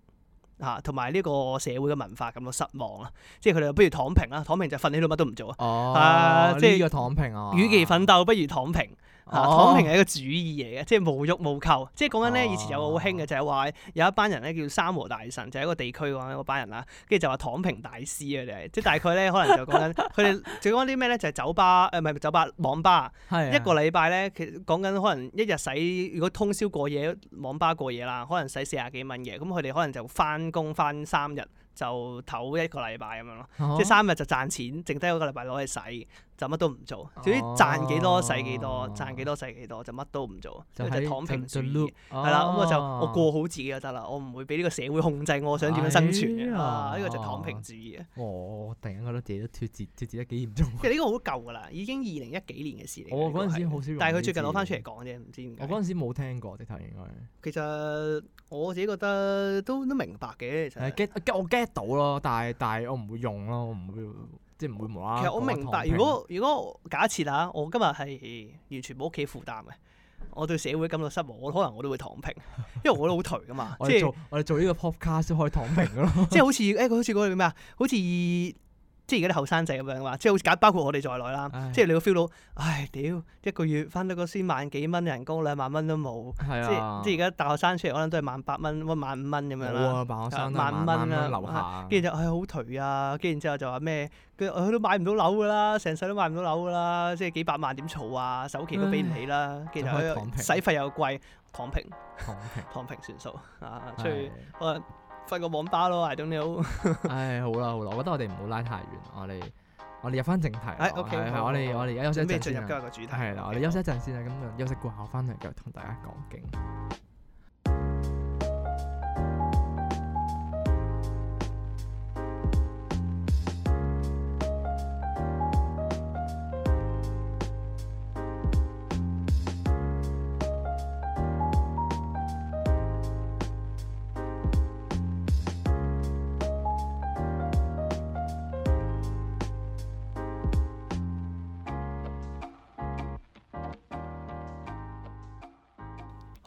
嚇，同埋呢個社會嘅文化感到失望啦、啊，即係佢哋不如躺平啦，躺平就瞓喺度乜都唔做啊，啊，即係要躺平啊，與其奮鬥不如躺平。躺、哦、平係一個主意嚟嘅，即係無欲無求。即係講緊咧，以前有個好興嘅，哦、就係話有一班人咧叫三和大神，就喺、是、一個地區嗰個班人啦。跟住就話躺平大師啊，即係、哦、大概咧可能就講緊佢哋就講啲咩咧？就係酒吧誒，唔、呃、係酒吧網吧，啊、一個禮拜咧，其實講緊可能一日使，如果通宵過夜網吧過夜啦，可能使四廿幾蚊嘅。咁佢哋可能就返工返三日，就唞一個禮拜咁樣咯。哦、即係三日就賺錢，剩低一個禮拜攞去使。就乜都唔做，總之賺幾多使幾、啊、多，賺幾多使幾多，就乜都唔做，就係、係、躺平主義，係啦。咁、啊、我就我過好自己就得啦，我唔會俾呢個社會控制，我想點樣生存呢、哎呀啊呢個就躺平主義啊！我突然間覺得自己脫節脫節得幾嚴重。 [laughs] 其實呢個好舊㗎啦，已經二零一幾年嘅事嚟。我嗰陣時好少，但係佢最近攞翻出嚟講啫，唔知點解。我嗰陣時冇聽過，直頭應該。其實我自己覺得都都明白嘅，其實。啊、get, 我 get 到咯，但係但係我唔會用咯，我唔會。即係唔會無啦啦。其實我明白，如果如果假設吓，我今日係完全冇屋企負擔嘅， [laughs] 我對社會感到失望，我可能我都會躺平，因為我覺得好頹噶嘛。 [laughs] 我哋做，即係，我哋做呢個 podcast 可以躺平㗎咯。 [laughs] 即係好似誒，好似嗰個叫咩啊？好似。即係而家啲後生仔咁樣話，即係好似包括我哋在內啦。唉即係你會 feel 到，唉，屌一個月翻到個先萬幾蚊人工，兩萬蚊都冇，係啊。即係即係而家大學生出嚟，可能都係萬八蚊，屈萬五蚊咁樣啦。哇！大學生萬五蚊啊，跟住就係好頹啊。跟住然之後就話咩？佢、哎、佢、啊哎、都買唔到樓㗎啦，成世都買唔到樓㗎啦。即係幾百萬點儲啊？首期都俾唔起啦。跟住又洗費又貴，躺平。躺平。躺平算數啊！所以唉瞓個網吧咯，I don't know。 [laughs] 唉、哎，好啦好啦，我覺得我哋唔好拉太遠，我哋我哋入翻正題。係、哎、OK，我哋我哋而家休息一陣先。進入今日個主題？係啦了題，我哋休息一陣先啊，咁就、嗯、休息過後翻嚟繼續同大家講經。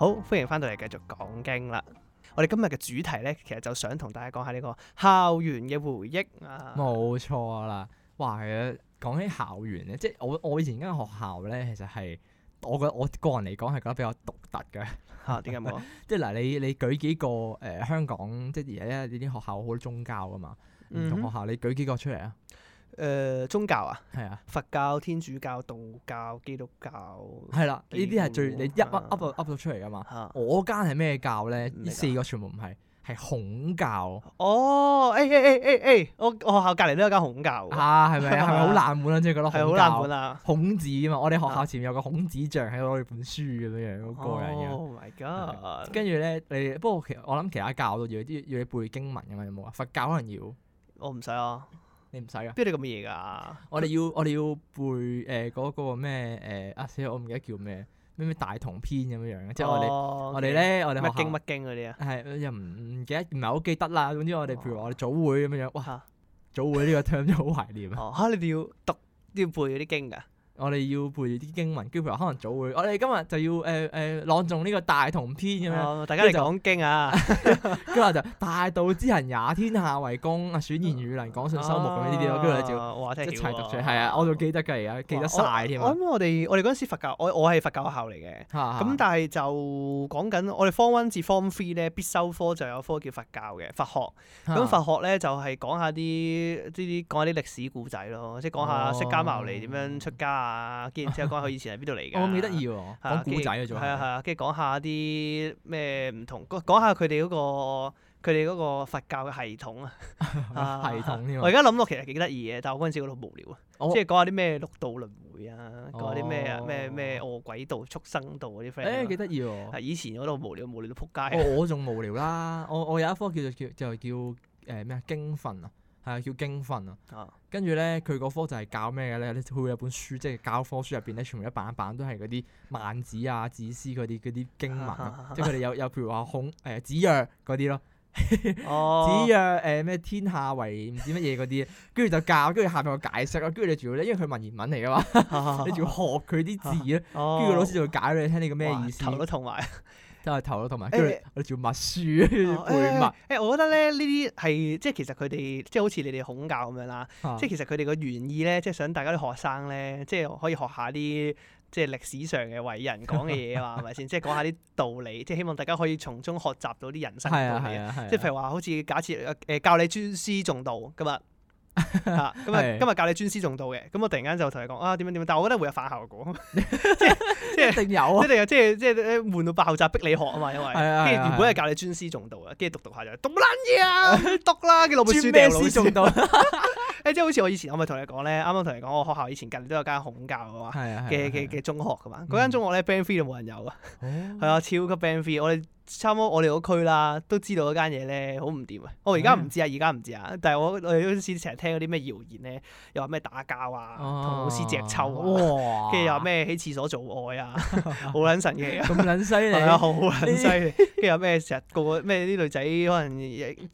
好，歡迎翻到嚟繼續講經啦！我哋今日嘅主題咧，其實就想同大家講下呢個校園嘅回憶啊。冇錯啦，哇！係啊，講起校園咧，即係我我以前間學校咧，其實係我覺得我個人嚟講係覺得比較獨特嘅嚇。點解冇？ [laughs] 即係嗱，你你舉幾個誒香港即而家呢啲學校好多宗教噶嘛？唔同學校，你舉幾個出嚟啊？誒宗教啊，係啊，佛教、天主教、道教、基督教，係啦，呢啲係最你一噏噏啊噏到出嚟噶嘛。我間係咩教咧？呢四個全部唔係，係孔教。哦，誒誒誒誒誒，我我學校隔離都有間孔教啊？係咪啊？係咪好冷門啊？即係覺得係好冷門啊。孔子啊嘛，我哋學校前面有個孔子像喺度攞住本書咁樣樣，個人嘅。Oh my god！跟住咧，你不過其實我諗其他教都要啲要你背經文噶嘛？有冇啊？佛教可能要，我唔使啊。你唔使噶，邊有啲咁嘅嘢噶？我哋要我哋要背誒嗰、呃嗰個咩誒啊？死、呃！我唔記得叫咩咩咩大同篇咁樣樣。即係我哋我哋咧，我哋學校乜經乜經嗰啲啊？係又唔唔記得，唔係好記得啦。總之我哋、哦、譬如我哋早會咁樣樣，哇！早、啊、會呢個 term 真係好懷念啊！嚇、哦、你哋要讀都要背嗰啲經噶？我哋要背啲經文，跟住譬如話，可能早會，我哋今日就要誒誒朗讀呢個《大同篇》咁樣，大家嚟講經啊！跟住就大道之行也，天下為公，選賢與能，講信修目，咁樣啲咯。跟住就一齊讀出，係啊，我仲記得嘅而家，記得晒添。我諗我哋我哋嗰陣時佛教，我我係佛教校嚟嘅，咁但係就講緊我哋方 o r 方 o n f r e e 咧必修科就有科叫佛教嘅佛學，咁佛學咧就係講下啲啲講下啲歷史故仔咯，即係講下釋迦牟尼點樣出家啊。啊，跟住之後講下佢以前喺邊度嚟嘅。我幾得意喎，講古仔嘅啫。係啊係啊，跟住講下啲咩唔同，講下佢哋嗰個佢哋嗰個佛教嘅系統啊。系統。我而家諗落其實幾得意嘅，但我嗰陣時覺得好無聊啊。即係講下啲咩六道輪迴啊，講下啲咩啊咩咩餓鬼道、畜生道嗰啲 friend。誒，幾得意喎！以前我都無聊無聊到撲街。我仲無聊啦，我我有一科叫做叫就係叫誒咩啊經訓啊。係啊叫經訓啊，跟住咧佢嗰科就係教咩嘅咧？佢會,會有本書，即係教科書入邊咧，全部一版一版都係嗰啲孟子啊、子思嗰啲嗰啲經文， [laughs] 即係佢哋有有譬如話孔誒子曰嗰啲咯，子曰誒咩天下為唔知乜嘢嗰啲，跟住就教，跟住下邊有解釋，跟住你仲要咧，因為佢文言文嚟㗎嘛， [laughs] [laughs] 你仲要學佢啲字咧，跟住 [laughs] 個老師就會解俾你聽你個咩意思，頭 [laughs] 真係頭腦，同埋跟住我哋仲要默書啊，背默。誒，我覺得咧呢啲係即係其實佢哋即係好似你哋孔教咁樣啦，即係其實佢哋個原意咧，即係想大家啲學生咧，即係可以學下啲即係歷史上嘅偉人講嘅嘢啊嘛，係咪先？即係講下啲道理，即係希望大家可以從中學習到啲人生道理啊。即係譬如話，好似假設誒教你尊師重道咁啊。啊！咁啊， [laughs] 今日教你尊師重道嘅，咁我突然間就同你講啊，點樣點樣，但我覺得會有反效果， [laughs] 即係即係一定有啊，一定有，即係即係悶到爆炸，後扎逼你學啊嘛，因為係啊，原本係教你尊師重道嘅，跟住讀讀下就讀爛嘢啊，去讀啦，跟住攞本書老師重道，即係好似我以前，我咪同你講咧，啱啱同你講我學校以前隔籬都有間孔教噶嘛對，嘅嘅嘅中學噶嘛，嗰間中學咧 Band Three 就冇人有啊，哦，係啊，超級 Band Three，我哋。差唔多我哋嗰區啦，都知道嗰間嘢咧好唔掂啊！我而家唔知啊，而家唔知啊。但係我我哋嗰陣時成日聽嗰啲咩謠言咧，又話咩打交啊，同老師隻抽哇，跟住又話咩喺廁所做愛啊，好撚 [laughs] 神奇啊！咁犀利啊！好犀利，跟住又咩成日個個咩啲女仔可能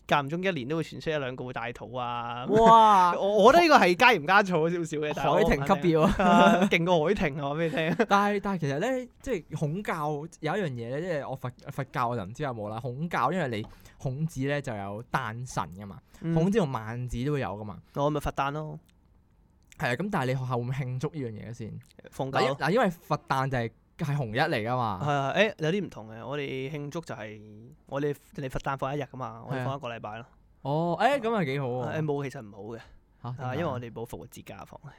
間唔中一年都會傳出一兩個會大肚啊！哇！ [laughs] 我我覺得呢個係加鹽加醋少少嘅，海亭級別 [laughs] 啊，勁過海亭啊！話俾你聽。 [laughs] 但係但係其實咧，即係恐教有一樣嘢咧，即係我佛佛教。教我就唔知有冇啦，孔教因為你孔子咧就有誕辰噶嘛，嗯、孔子同孟子都會有噶嘛，我咪佛誕咯，係啊，咁但係你學校會唔會慶祝呢樣嘢先？放假嗱，因為佛誕就係係紅一嚟噶嘛，係啊，誒有啲唔同嘅，我哋慶祝就係我哋人哋佛誕放一日噶嘛，我哋放一個禮拜咯。哦，誒咁係幾好冇，啊啊、其實唔好嘅，啊，為因為我哋冇復活節假放。 [laughs]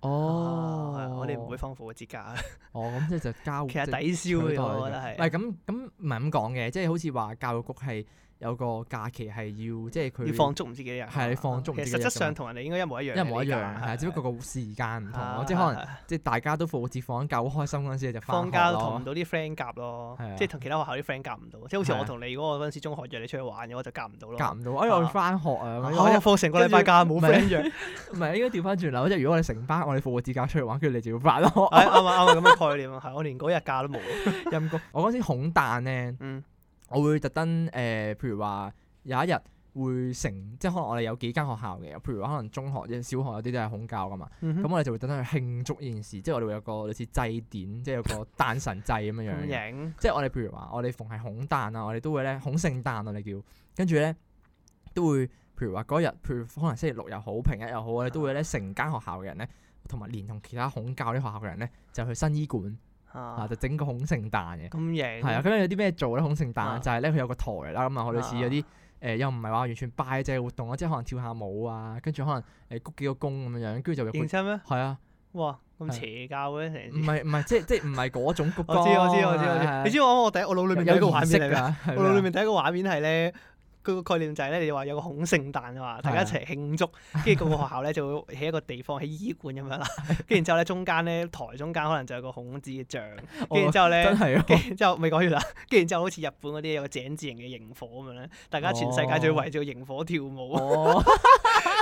哦，啊、我哋唔會放復活節假。 [laughs] 哦，咁即係就交，其實抵消嘅，是 [laughs] 我覺得係。唔係咁，咁唔係咁講嘅，即係好似話教育局係。有個假期係要即係佢要放足唔知幾日，係放足。其實實質上同人哋應該一模一樣，一模一樣，係只不過個時間唔同咯。即係可能即係大家都復活節放緊假好開心嗰陣時就放假同唔到啲 friend 夾咯，即係同其他學校啲 friend 夾唔到。即係好似我同你嗰個嗰陣時中學約你出去玩嘅，我就夾唔到。夾唔到，我又翻學啊！我一放成個禮拜假冇 friend 約。唔係應該調翻轉頭，即係如果我哋成班我哋復活節假出去玩，跟住你就要翻學。係啱啊，啱啊咁嘅概念啊，係我連嗰日假都冇陰公。我嗰陣時恐彈咧。我會特登誒、呃，譬如話有一日會成即係可能我哋有幾間學校嘅，譬如話可能中學、小學有啲都係孔教噶嘛，咁、嗯、哼我哋就會特登去慶祝呢件事，即係我哋會有個類似祭典， [laughs] 即係有個誕神祭咁樣樣、嗯、哼即係我哋譬如話我哋逢係孔誕啊，我哋都會咧孔聖誕啊，你叫跟住咧都會譬如話嗰日，譬如可能星期六又好，平日又好，我哋都會咧成間學校嘅人咧，同埋連同其他孔教啲學校嘅人咧，就去新醫館。啊！就整個孔聖誕嘅，咁型，係啊！咁樣有啲咩做咧？孔聖誕就係咧，佢有個台啦，咁啊類似有啲誒，又唔係話完全拜祭活動，即係可能跳下舞啊，跟住可能誒鞠幾個躬咁樣樣，跟住就本身咩？係啊！哇！咁邪教嘅唔係唔係，即係即係唔係嗰種鞠躬。我知我知我知我知。你知我我第一我腦裡面有一個畫面嚟㗎？我腦裡面第一個畫面係咧。佢個概念就係咧，你話有個孔聖誕啊嘛，大家一齊慶祝，跟住個個學校咧就會喺一個地方喺醫館咁樣啦，跟然之後咧中間咧台中間可能就有個孔子嘅像，跟住之後咧，跟住之後未講完啦，跟然之後好似日本嗰啲有個井字形嘅營火咁樣咧，大家全世界就會圍住營火跳舞，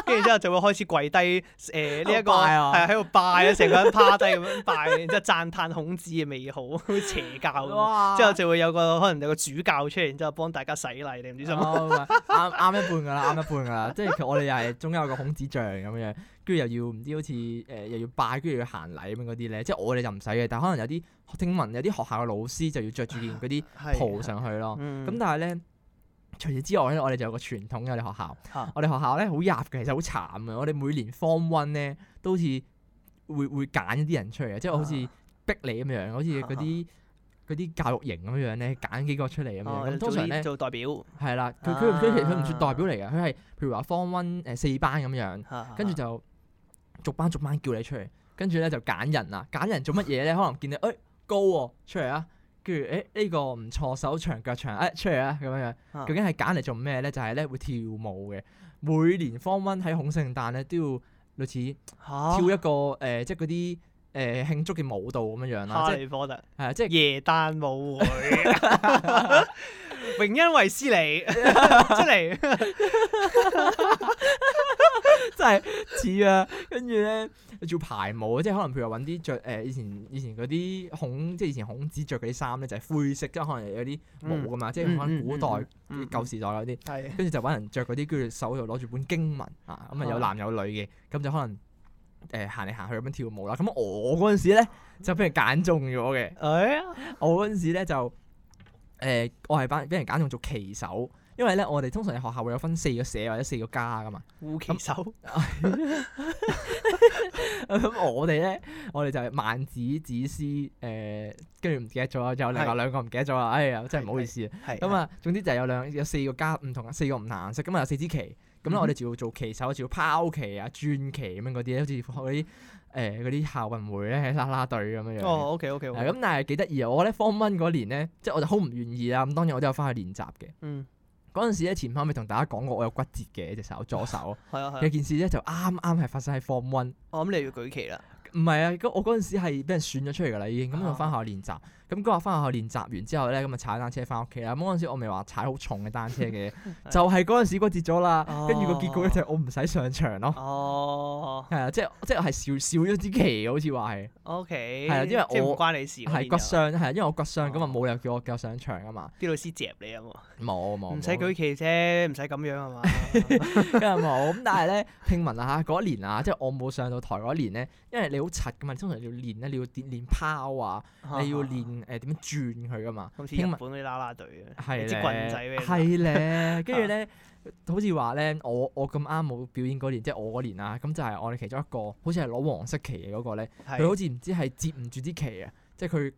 跟住之後就會開始跪低誒，呢一個係喺度拜啊，成個人趴低咁樣拜，然之後讚歎孔子嘅美好，好似邪教咁，之後就會有個可能有個主教出嚟，然之後幫大家洗禮你唔知什啱啱、 [laughs] 嗯、一半噶啦，啱一半噶啦，即係我哋又係中間有個孔子像咁樣，跟住又要唔知好似誒又要拜，跟住要行禮咁樣嗰啲咧，即係我哋就唔使嘅，但係可能有啲聽聞有啲學校嘅老師就要着住件嗰啲袍上去咯，咁、嗯嗯嗯、但係咧除此之外咧，我哋就有個傳統嘅，我哋學校，啊、我哋學校咧好入嘅，其實好慘嘅，我哋每年方 o r 咧都好似會會揀一啲人出嚟，即係、啊、好似逼你咁樣，好似嗰啲。啊啊啊嗰啲教育營咁樣咧，揀幾個出嚟咁、哦、樣，通常咧做代表。係啦，佢佢佢佢唔算代表嚟嘅，佢係、啊、譬如話 form one 四班咁樣，跟住就逐班逐班叫你出嚟，跟住咧就揀人啊，揀人做乜嘢咧？ [laughs] 可能見你誒高喎，哎、go, 出嚟啊！跟住誒呢個唔錯，手長腳長，誒、哎、出嚟啊！咁樣樣究竟係揀嚟做咩咧？就係、是、咧會跳舞嘅。每年 form one 喺孔聖誕咧都要類似跳一個誒、啊呃，即嗰啲。誒、呃、慶祝嘅舞蹈咁樣樣啦，即係，係啊，耶誕舞會， [laughs] [laughs] 榮恩維斯利，真係，真係似啊！跟住咧仲要排舞，即係可能譬如話揾啲著誒以前以前嗰啲孔，即係以前孔子著嗰啲衫咧，就係灰色，即係、嗯、可能有啲毛噶嘛，即係可能古代、嗯嗯、舊時代嗰啲，跟住、嗯嗯、就揾人手著嗰啲，跟住手又攞住本經文啊，咁、嗯、啊有男有女嘅，咁就可能。誒行嚟行去咁樣跳舞啦，咁我嗰陣時咧就俾人揀中咗嘅。哎呀我嗰陣時咧就誒、呃，我係班俾人揀中做旗手，因為咧我哋通常嘅學校會有分四個社或者四個家噶嘛。護旗手。咁我哋咧，我哋就係萬子子師誒，跟住唔記得咗，仲有另外兩個唔記得咗啊！哎呀，真係唔好意思啊。咁啊、嗯，是是總之就係有兩有四個家唔同四個唔同顏色，咁啊有四支旗。咁咧，嗯、我哋就要做旗手，就要拋旗啊、轉旗咁樣嗰啲，好似嗰啲誒嗰啲校運會咧，啦啦隊咁樣。哦，O K O K。係咁，但係幾得意啊！我咧 form one 嗰年咧，即係我就好唔願意啦。咁當然我都有翻去練習嘅。嗰陣、嗯、時咧，前排咪同大家講過，我有骨折嘅隻手左手，有、 [laughs] 啊啊、件事咧就啱啱係發生喺 form one。哦，我諗你要舉旗啦。唔係啊，我嗰陣時係俾人選咗出嚟㗎啦，已經咁，我翻校練習。啊咁佢話翻學校練習完之後咧，咁就踩單車翻屋企啦。咁嗰陣時我咪話踩好重嘅單車嘅，就係嗰陣時骨折咗啦。跟住個結果咧就係我唔使上場咯。哦，係啊，即係即係係少少咗支旗，好似話係。O K。係啊，因為我即係唔關你事。係骨折係啊，因為我骨折咁啊，冇人叫我叫我上場啊嘛。啲老師接你啊嘛。冇冇。唔使舉旗啫，唔使咁樣啊嘛。因為冇咁，但係咧聽聞啊嚇嗰一年啊，即係我冇上到台嗰一年咧，因為你好柒噶嘛，通常要練咧，你要練練拋啊，你要練。誒點樣轉佢噶嘛？好似日本啲啦啦隊嘅，啲棍仔咧。係咧，跟住咧，好似話咧，我我咁啱冇表演嗰年，即係我嗰年啊，咁就係我哋其中一個，好似係攞黃色旗嘅嗰個咧。佢好似唔知係接唔住支旗啊！即係佢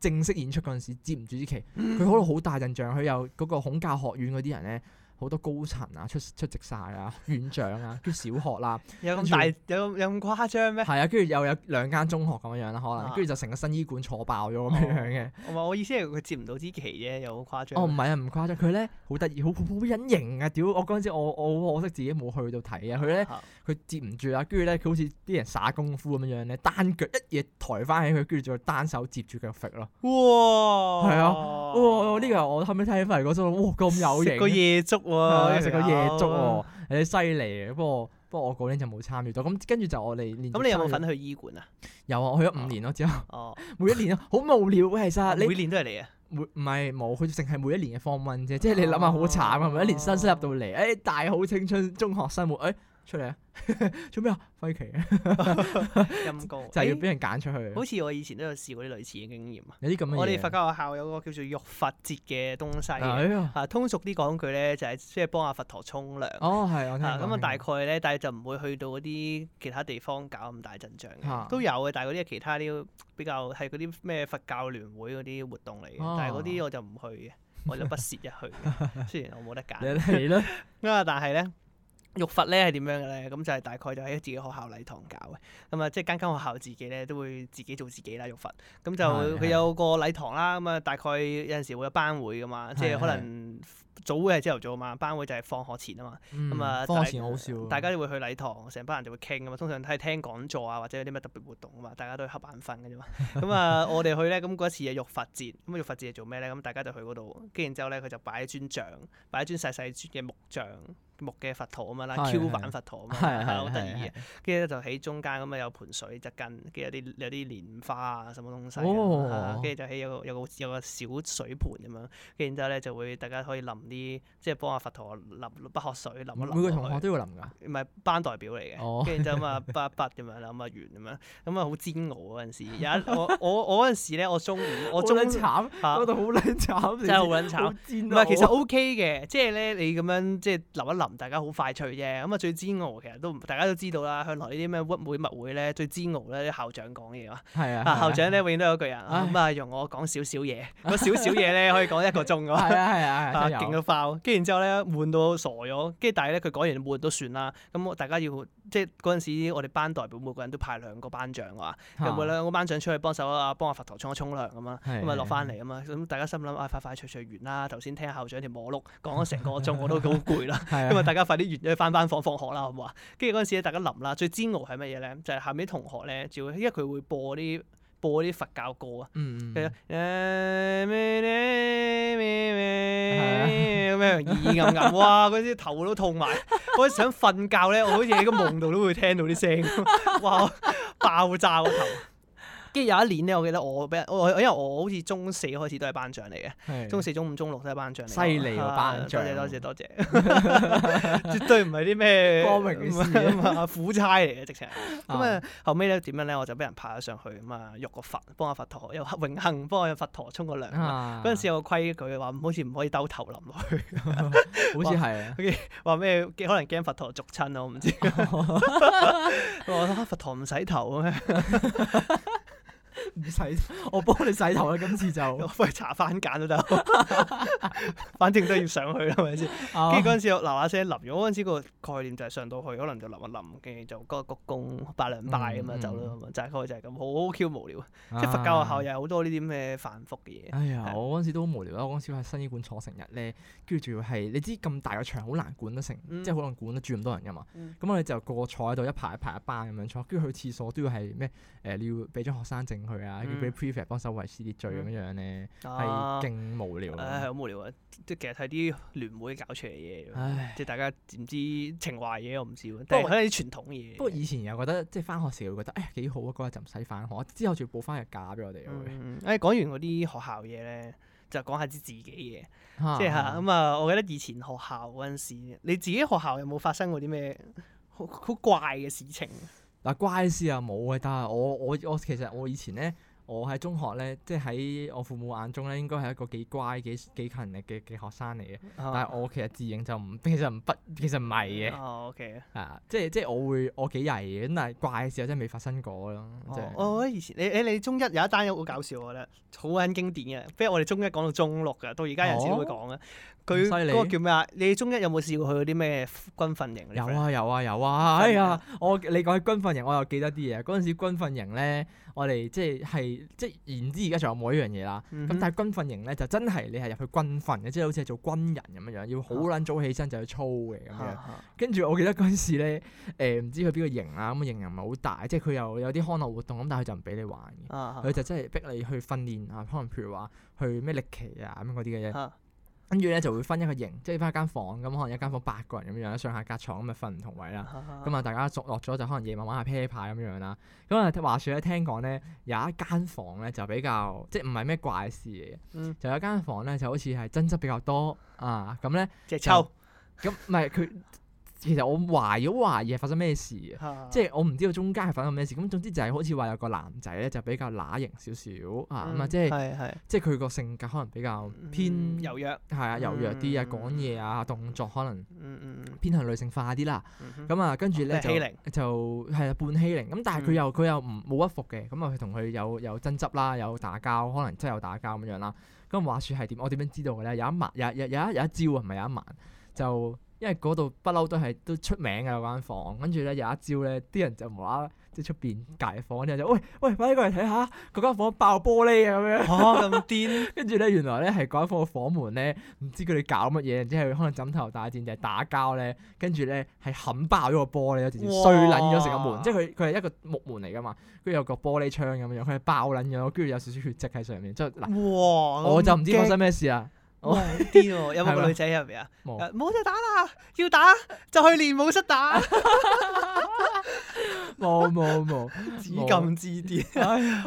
正式演出嗰陣時接唔住支旗，佢 [laughs] 好好大印象。佢又嗰個孔教學院嗰啲人咧。好多高層啊，出出席晒啊，院長啊，跟小學啦，有咁大有咁誇張咩？係啊，跟住又有兩間中學咁樣樣啦，可能，跟住、啊、就成個新醫館坐爆咗咁、哦、樣樣嘅。唔係，我意思係佢接唔到支旗啫，有好誇，哦啊、誇張。哦，唔係啊，唔誇張，佢咧好得意，好好隱形啊！屌，我嗰陣時我我好可惜自己冇去到睇啊，佢咧佢接唔住啊，跟住咧佢好似啲人耍功夫咁樣樣咧，單腳一嘢抬翻起佢，跟住再單手接住腳揈咯。哇！係啊，哇！呢哇、這個我後屘睇翻嚟嗰陣，哇！咁有型、啊。食個夜粥。哇！食個夜粥喎，誒犀利啊。不過不過我嗰年就冇參與到，咁跟住就我哋連。咁你有冇份去醫館啊？有啊，我去咗五年咯，之後。哦。 [laughs] 每一年啊，好無聊嘅其實。哦、你每年都係嚟啊？唔係冇，佢淨係每一年嘅方 o 啫，即係你諗下好慘，啊、哦。咪一年新新入到嚟，誒、哦哎、大好青春中學生活，誒、哎。出嚟啊！ [laughs] 做咩啊？揮旗啊！陰功就係要俾人揀出去、欸。好似我以前都有試過啲類似嘅經驗啊！我哋佛教學校有個叫做浴佛節嘅東西、哎、呀通俗啲講佢咧就係即係幫阿佛陀沖涼。哦，係，我聽。咁啊，大概咧，但係就唔會去到嗰啲其他地方搞咁大陣仗嘅，啊、都有嘅。但係嗰啲係其他啲比較係嗰啲咩佛教聯會嗰啲活動嚟嘅。啊、但係嗰啲我就唔去嘅，我就不屑一去。 [laughs] 雖然我冇得揀。係啊， [laughs] [laughs] 但係咧。玉佛咧係點樣嘅咧？咁就係大概就喺自己學校禮堂搞嘅，咁、嗯、啊即係間間學校自己咧都會自己做自己啦。玉佛咁就佢是是 有個禮堂啦，咁啊大概有陣時會有班會噶嘛，是是即係可能早會係朝頭早嘛，班會就係放學前啊嘛，咁啊、嗯、但放學前好笑，大家會去禮堂，成班人就會傾啊嘛。通常都係聽講座啊，或者有啲乜特別活動啊嘛，大家都係瞌眼瞓嘅啫嘛。咁、 [laughs] 嗯、啊我哋去咧，咁嗰一次係玉佛節，咁玉佛節係做咩咧？咁大家就去嗰度，跟住之後咧佢就擺一尊像，擺一尊細細嘅木像。木嘅佛陀啊嘛啦，Q 版佛陀啊嘛，係好得意。跟住咧就喺中間咁啊有盆水就近，跟住有啲有啲蓮花啊什麼東西跟住就喺有個有個有個小水盤咁樣。跟住然之後咧就會大家可以淋啲，即係幫阿佛陀淋不渴水淋一淋。每個同學都要淋㗎？唔係班代表嚟嘅，跟住之後咁啊八八咁樣淋啊圓咁樣，咁啊好煎熬嗰陣時。有一我我我嗰陣時咧，我中午我中撚慘，我都好撚慘，真係好撚慘。唔係其實 OK 嘅，即係咧你咁樣即係淋一淋。大家好快脆啫，咁啊最煎熬其實都大家都知道啦，向來呢啲咩屈會勿會咧，最煎熬咧啲校長講嘢啊。係啊，校長咧永遠都有一句啊，咁啊容我講少少嘢，個少少嘢咧可以講一個鐘㗎。係勁到爆！跟住然之後咧悶到傻咗，跟住但係咧佢講完悶都算啦。咁大家要即係嗰陣時，我哋班代表每個人都派兩個班長㗎嘛，有冇兩個班長出去幫手啊？幫阿佛頭沖一沖涼咁啊，咁啊落翻嚟咁啊，咁大家心諗快快脆脆完啦！頭先聽校長條磨碌講咗成個鐘，我都好攰啦。大家快啲完咗翻返房放學啦，好唔好啊？跟住嗰陣時咧，大家諗啦，最煎熬係乜嘢咧？就係、是、下面啲同學咧，就因為佢會播啲播啲佛教歌、嗯、啊，咁樣咿咿噏噏，哇！嗰陣 [laughs] 時頭都痛埋，我想瞓覺咧，我好似喺個夢度都會聽到啲聲，哇！爆炸個頭。跟住有一年咧，我記得我俾人，我因為我好似中四開始都係班長嚟嘅，中四、中五、中六都係班長嚟。犀利個班長，多謝多謝多謝，絕對唔係啲咩光榮事啊嘛，苦差嚟嘅直情。咁啊，後尾咧點樣咧，我就俾人派咗上去咁啊，浴個佛，幫下佛陀，又榮幸幫下佛陀，沖個涼。嗰陣時有個規矩話，好似唔可以兜頭淋落去，好似係啊。跟住話咩？可能驚佛陀燭親啊，我唔知。我覺得佛陀唔洗頭嘅咩？唔使，我幫你洗頭啦。今次就我幫你查番揀就得， [laughs] [laughs] 反正都要上去啦， [laughs] [laughs] 係咪先？跟住嗰陣時又嗱嗱聲淋咗，嗰陣時個概念就係上到去可能就淋一淋，跟住就嗰鞠躬拜兩拜咁樣走啦，咁啊，大概就係咁，好 Q 無聊。啊、即係佛教學校又有好多呢啲咩反複嘅嘢。哎呀，是我嗰陣時都好無聊啦，我嗰陣時喺新醫館坐成日咧，跟住仲要係你知咁大個場好難管得成，嗯、即係可能管得住咁多人噶嘛。咁我哋就個坐喺度一排一排一班咁樣坐，跟住去廁所都要係咩你要俾張學生證。去、嗯、啊！要俾 prefect 幫手維持秩序咁樣樣咧，係勁無聊。誒係好無聊啊！即係其實睇啲聯會搞出嚟嘢，唉，即係大家唔知，知情懷嘢，我唔知喎。不過睇啲傳統嘢。不過以前又覺得即係翻學時會覺得誒、哎、幾好啊！嗰日就唔使翻學，之後仲要補翻日假俾我哋。誒、嗯嗯哎、講完嗰啲學校嘢咧，就講下啲自己嘢。即係嚇咁啊！就係、啊我記得以前學校嗰陣時，你自己學校有冇發生過啲咩好好怪嘅事情？嗱，乖事啊冇嘅，但係我我我其實我以前咧，我喺中學咧，即係喺我父母眼中咧，應該係一個幾乖幾幾勤力嘅嘅學生嚟嘅。哦、但係我其實自認就唔，其實唔不，其實唔係嘅。OK 係啊，即係即係我會我幾曳嘅，但係怪事啊真係未發生過咯，即係。我喺以前，你你,你中一有一單嘢好搞笑，我覺得，好撚經典嘅，即如我哋中一講到中六噶，到而家有時都會講咧。哦佢嗰個叫咩啊？你中一有冇試過去嗰啲咩軍訓營？有啊，有啊，有啊！訓哎呀，我你講起軍訓營，我又記得啲嘢。嗰陣時軍訓營咧，我哋即係係即係，然之而家仲有冇一樣嘢啦？咁、嗯、哼但係軍訓營咧就真係你係入去軍訓嘅，即係好似係做軍人咁樣樣，要好撚早起身就去操嘅咁、啊啊、樣。跟住我記得嗰陣時咧，誒、呃、唔知去邊個營啊，咁個營又唔係好大，即係佢又有啲康樂活動，咁但係佢就唔俾你玩嘅。佢、啊啊、就真係逼你去訓練啊，可能譬如話去咩歷奇啊咁嗰啲嘅嘢。啊跟住咧就會分一個型，即係分一間房咁，嗯，可能一間房八個人咁樣上下隔牀咁啊，瞓唔同位啦。咁啊，大家熟落咗就可能夜晚玩下啤牌咁樣啦。咁啊，話説咧，聽講咧，有一間房咧就比較即係唔係咩怪事嚟嘅。嗯、就有一間房咧就好似係爭執比較多啊。咁、嗯、咧 [laughs] 就咁唔係佢。 [laughs] [laughs] 其實我懷疑懷疑發生咩事。即係我唔知道中間係發生咩事。咁總之就係好似話有個男仔咧，就比較乸型少少啊嘛，即係即係佢個性格可能比較偏柔弱，係啊柔弱啲啊，講嘢啊，動作可能偏向女性化啲啦。咁啊，跟住咧就就係啊半欺凌咁，但係佢又佢又唔冇屈服嘅。咁啊，佢同佢有有爭執啦，有打交，可能真係有打交咁樣啦。咁話説係點？我點樣知道嘅咧？有一晚，有有一有一朝唔係有一晚就。因為嗰度不嬲都係都出名嘅嗰間房，跟住咧有一朝咧，啲人就無啦啦，即係出邊隔籬房啲人就喂、喂，快啲過嚟睇下，嗰間房爆玻璃啊咁樣。嚇、啊！咁癲？ [laughs] 跟住咧原來咧係嗰間房個房門咧，唔知佢哋搞乜嘢，然之後可能枕頭大戰定係打交咧，跟住咧係冚爆咗個玻璃，直接碎撚咗成個門，哇即係佢佢係一個木門嚟噶嘛，跟住有個玻璃窗咁樣，佢係爆撚咗，跟住有少少血跡喺上面，之後嗱，哇我就唔知發生咩事喇！我癲，啊、 [laughs] 有冇個女仔入嚟啊？冇就打啦， [laughs] 要打 [laughs] 就去練武室打，冇冇冇，紫禁之巔。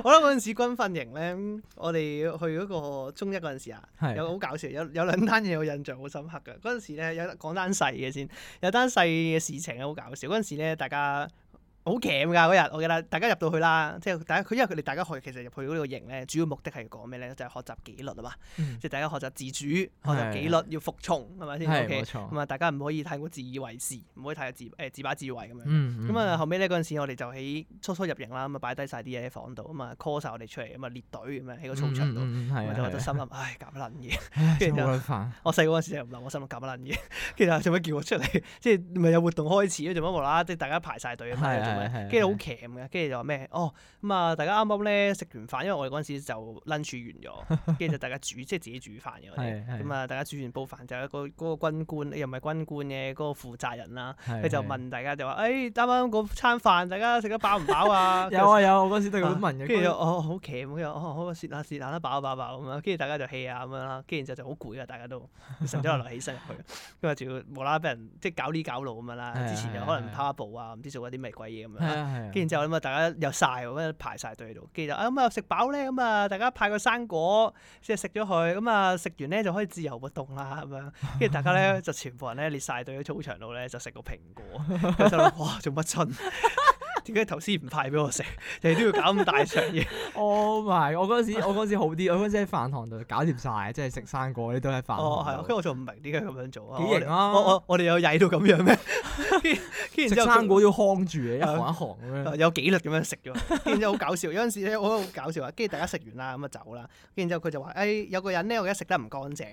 我諗嗰陣時軍訓營咧，我哋去嗰個中一嗰陣時啊，有好搞笑，有有兩單嘢我印象好深刻嘅。嗰陣時咧有講單細嘅先，有單細嘅事情啊，好搞笑。嗰陣時咧大家。 [laughs] [laughs] 好夾㗎嗰日，我記得大家入到去啦，即係大家因為佢哋大家去，其實入去嗰個營咧，主要目的係講咩咧？就係、是、學習紀律啊嘛，即係、嗯、大家學習自主、的學習紀律，要服從，係咪先？咁、okay? 啊、嗯，大家唔可以太過自以為是，唔可以太自誒自，自把自為咁樣。咁啊、嗯，嗯、後尾咧嗰陣時，我哋就喺初初入營啦，咁啊擺低晒啲嘢喺房度啊嘛，call 晒我哋出嚟，咁啊列隊咁樣喺個操場度，我就心諗唉夾乜撚嘢。跟住我細個嗰陣時就諗我心諗夾乜撚嘢，其實做乜叫我出嚟？即係咪有活動開始？做乜無啦，即係大家排晒隊。跟住好謙嘅，跟住 [music] 就話咩？哦咁啊，大家啱啱咧食完飯，因為我哋嗰陣時就 lunch 完咗，跟住 [laughs] 就大家煮，即、就、係、是、自己煮飯嘅咁啊， [laughs] 是 大家煮完煲飯就一個嗰個軍官，又唔係軍官嘅嗰、那個負責人啦。佢 [laughs] 是 就問大家就話，誒啱啱嗰餐飯大家食得飽唔飽啊？有 [laughs] 啊有，我嗰時都咁問跟住哦，好謙，跟住我好食下食下都飽飽飽咁樣。跟、哦、住、啊啊啊啊啊啊啊、大家就 hea 啊咁樣啦。跟住就就好攰啊，大家都晨早可能起身去，跟住就要無啦啦俾人即係搞呢搞路咁樣啦。之前又可能跑下步啊，唔知做嗰啲咩鬼嘢。 [laughs] 咁樣，跟住之後咁啊， [music] 嗯、大家又晒咁樣排晒隊喺度。跟住啊，咁啊食飽咧，咁啊大家派個生果，即係食咗佢。咁啊食完咧，就可以自由活動啦。咁樣，跟住大家咧 [laughs] 就全部人咧列晒隊喺操場度咧，就食個蘋果。就話哇，做乜春？ [laughs] 點解頭先唔派俾我食？你哋都要搞咁大場嘢。我唔係，我嗰陣時我嗰陣時好啲，我嗰陣時喺飯堂度搞掂晒，即係食生果，你都喺飯堂。哦，係，跟住我仲唔明點解咁樣做啊？幾型啊？我我哋有曳到咁樣咩？跟住之後食生果要康住嘅，一行一行咁樣。有紀律咁樣食咗。跟住之後好搞笑，有陣時咧我覺得好搞笑啊。跟住大家食完啦，咁就走啦。跟住之後佢就話：誒有個人咧，我而家食得唔乾淨，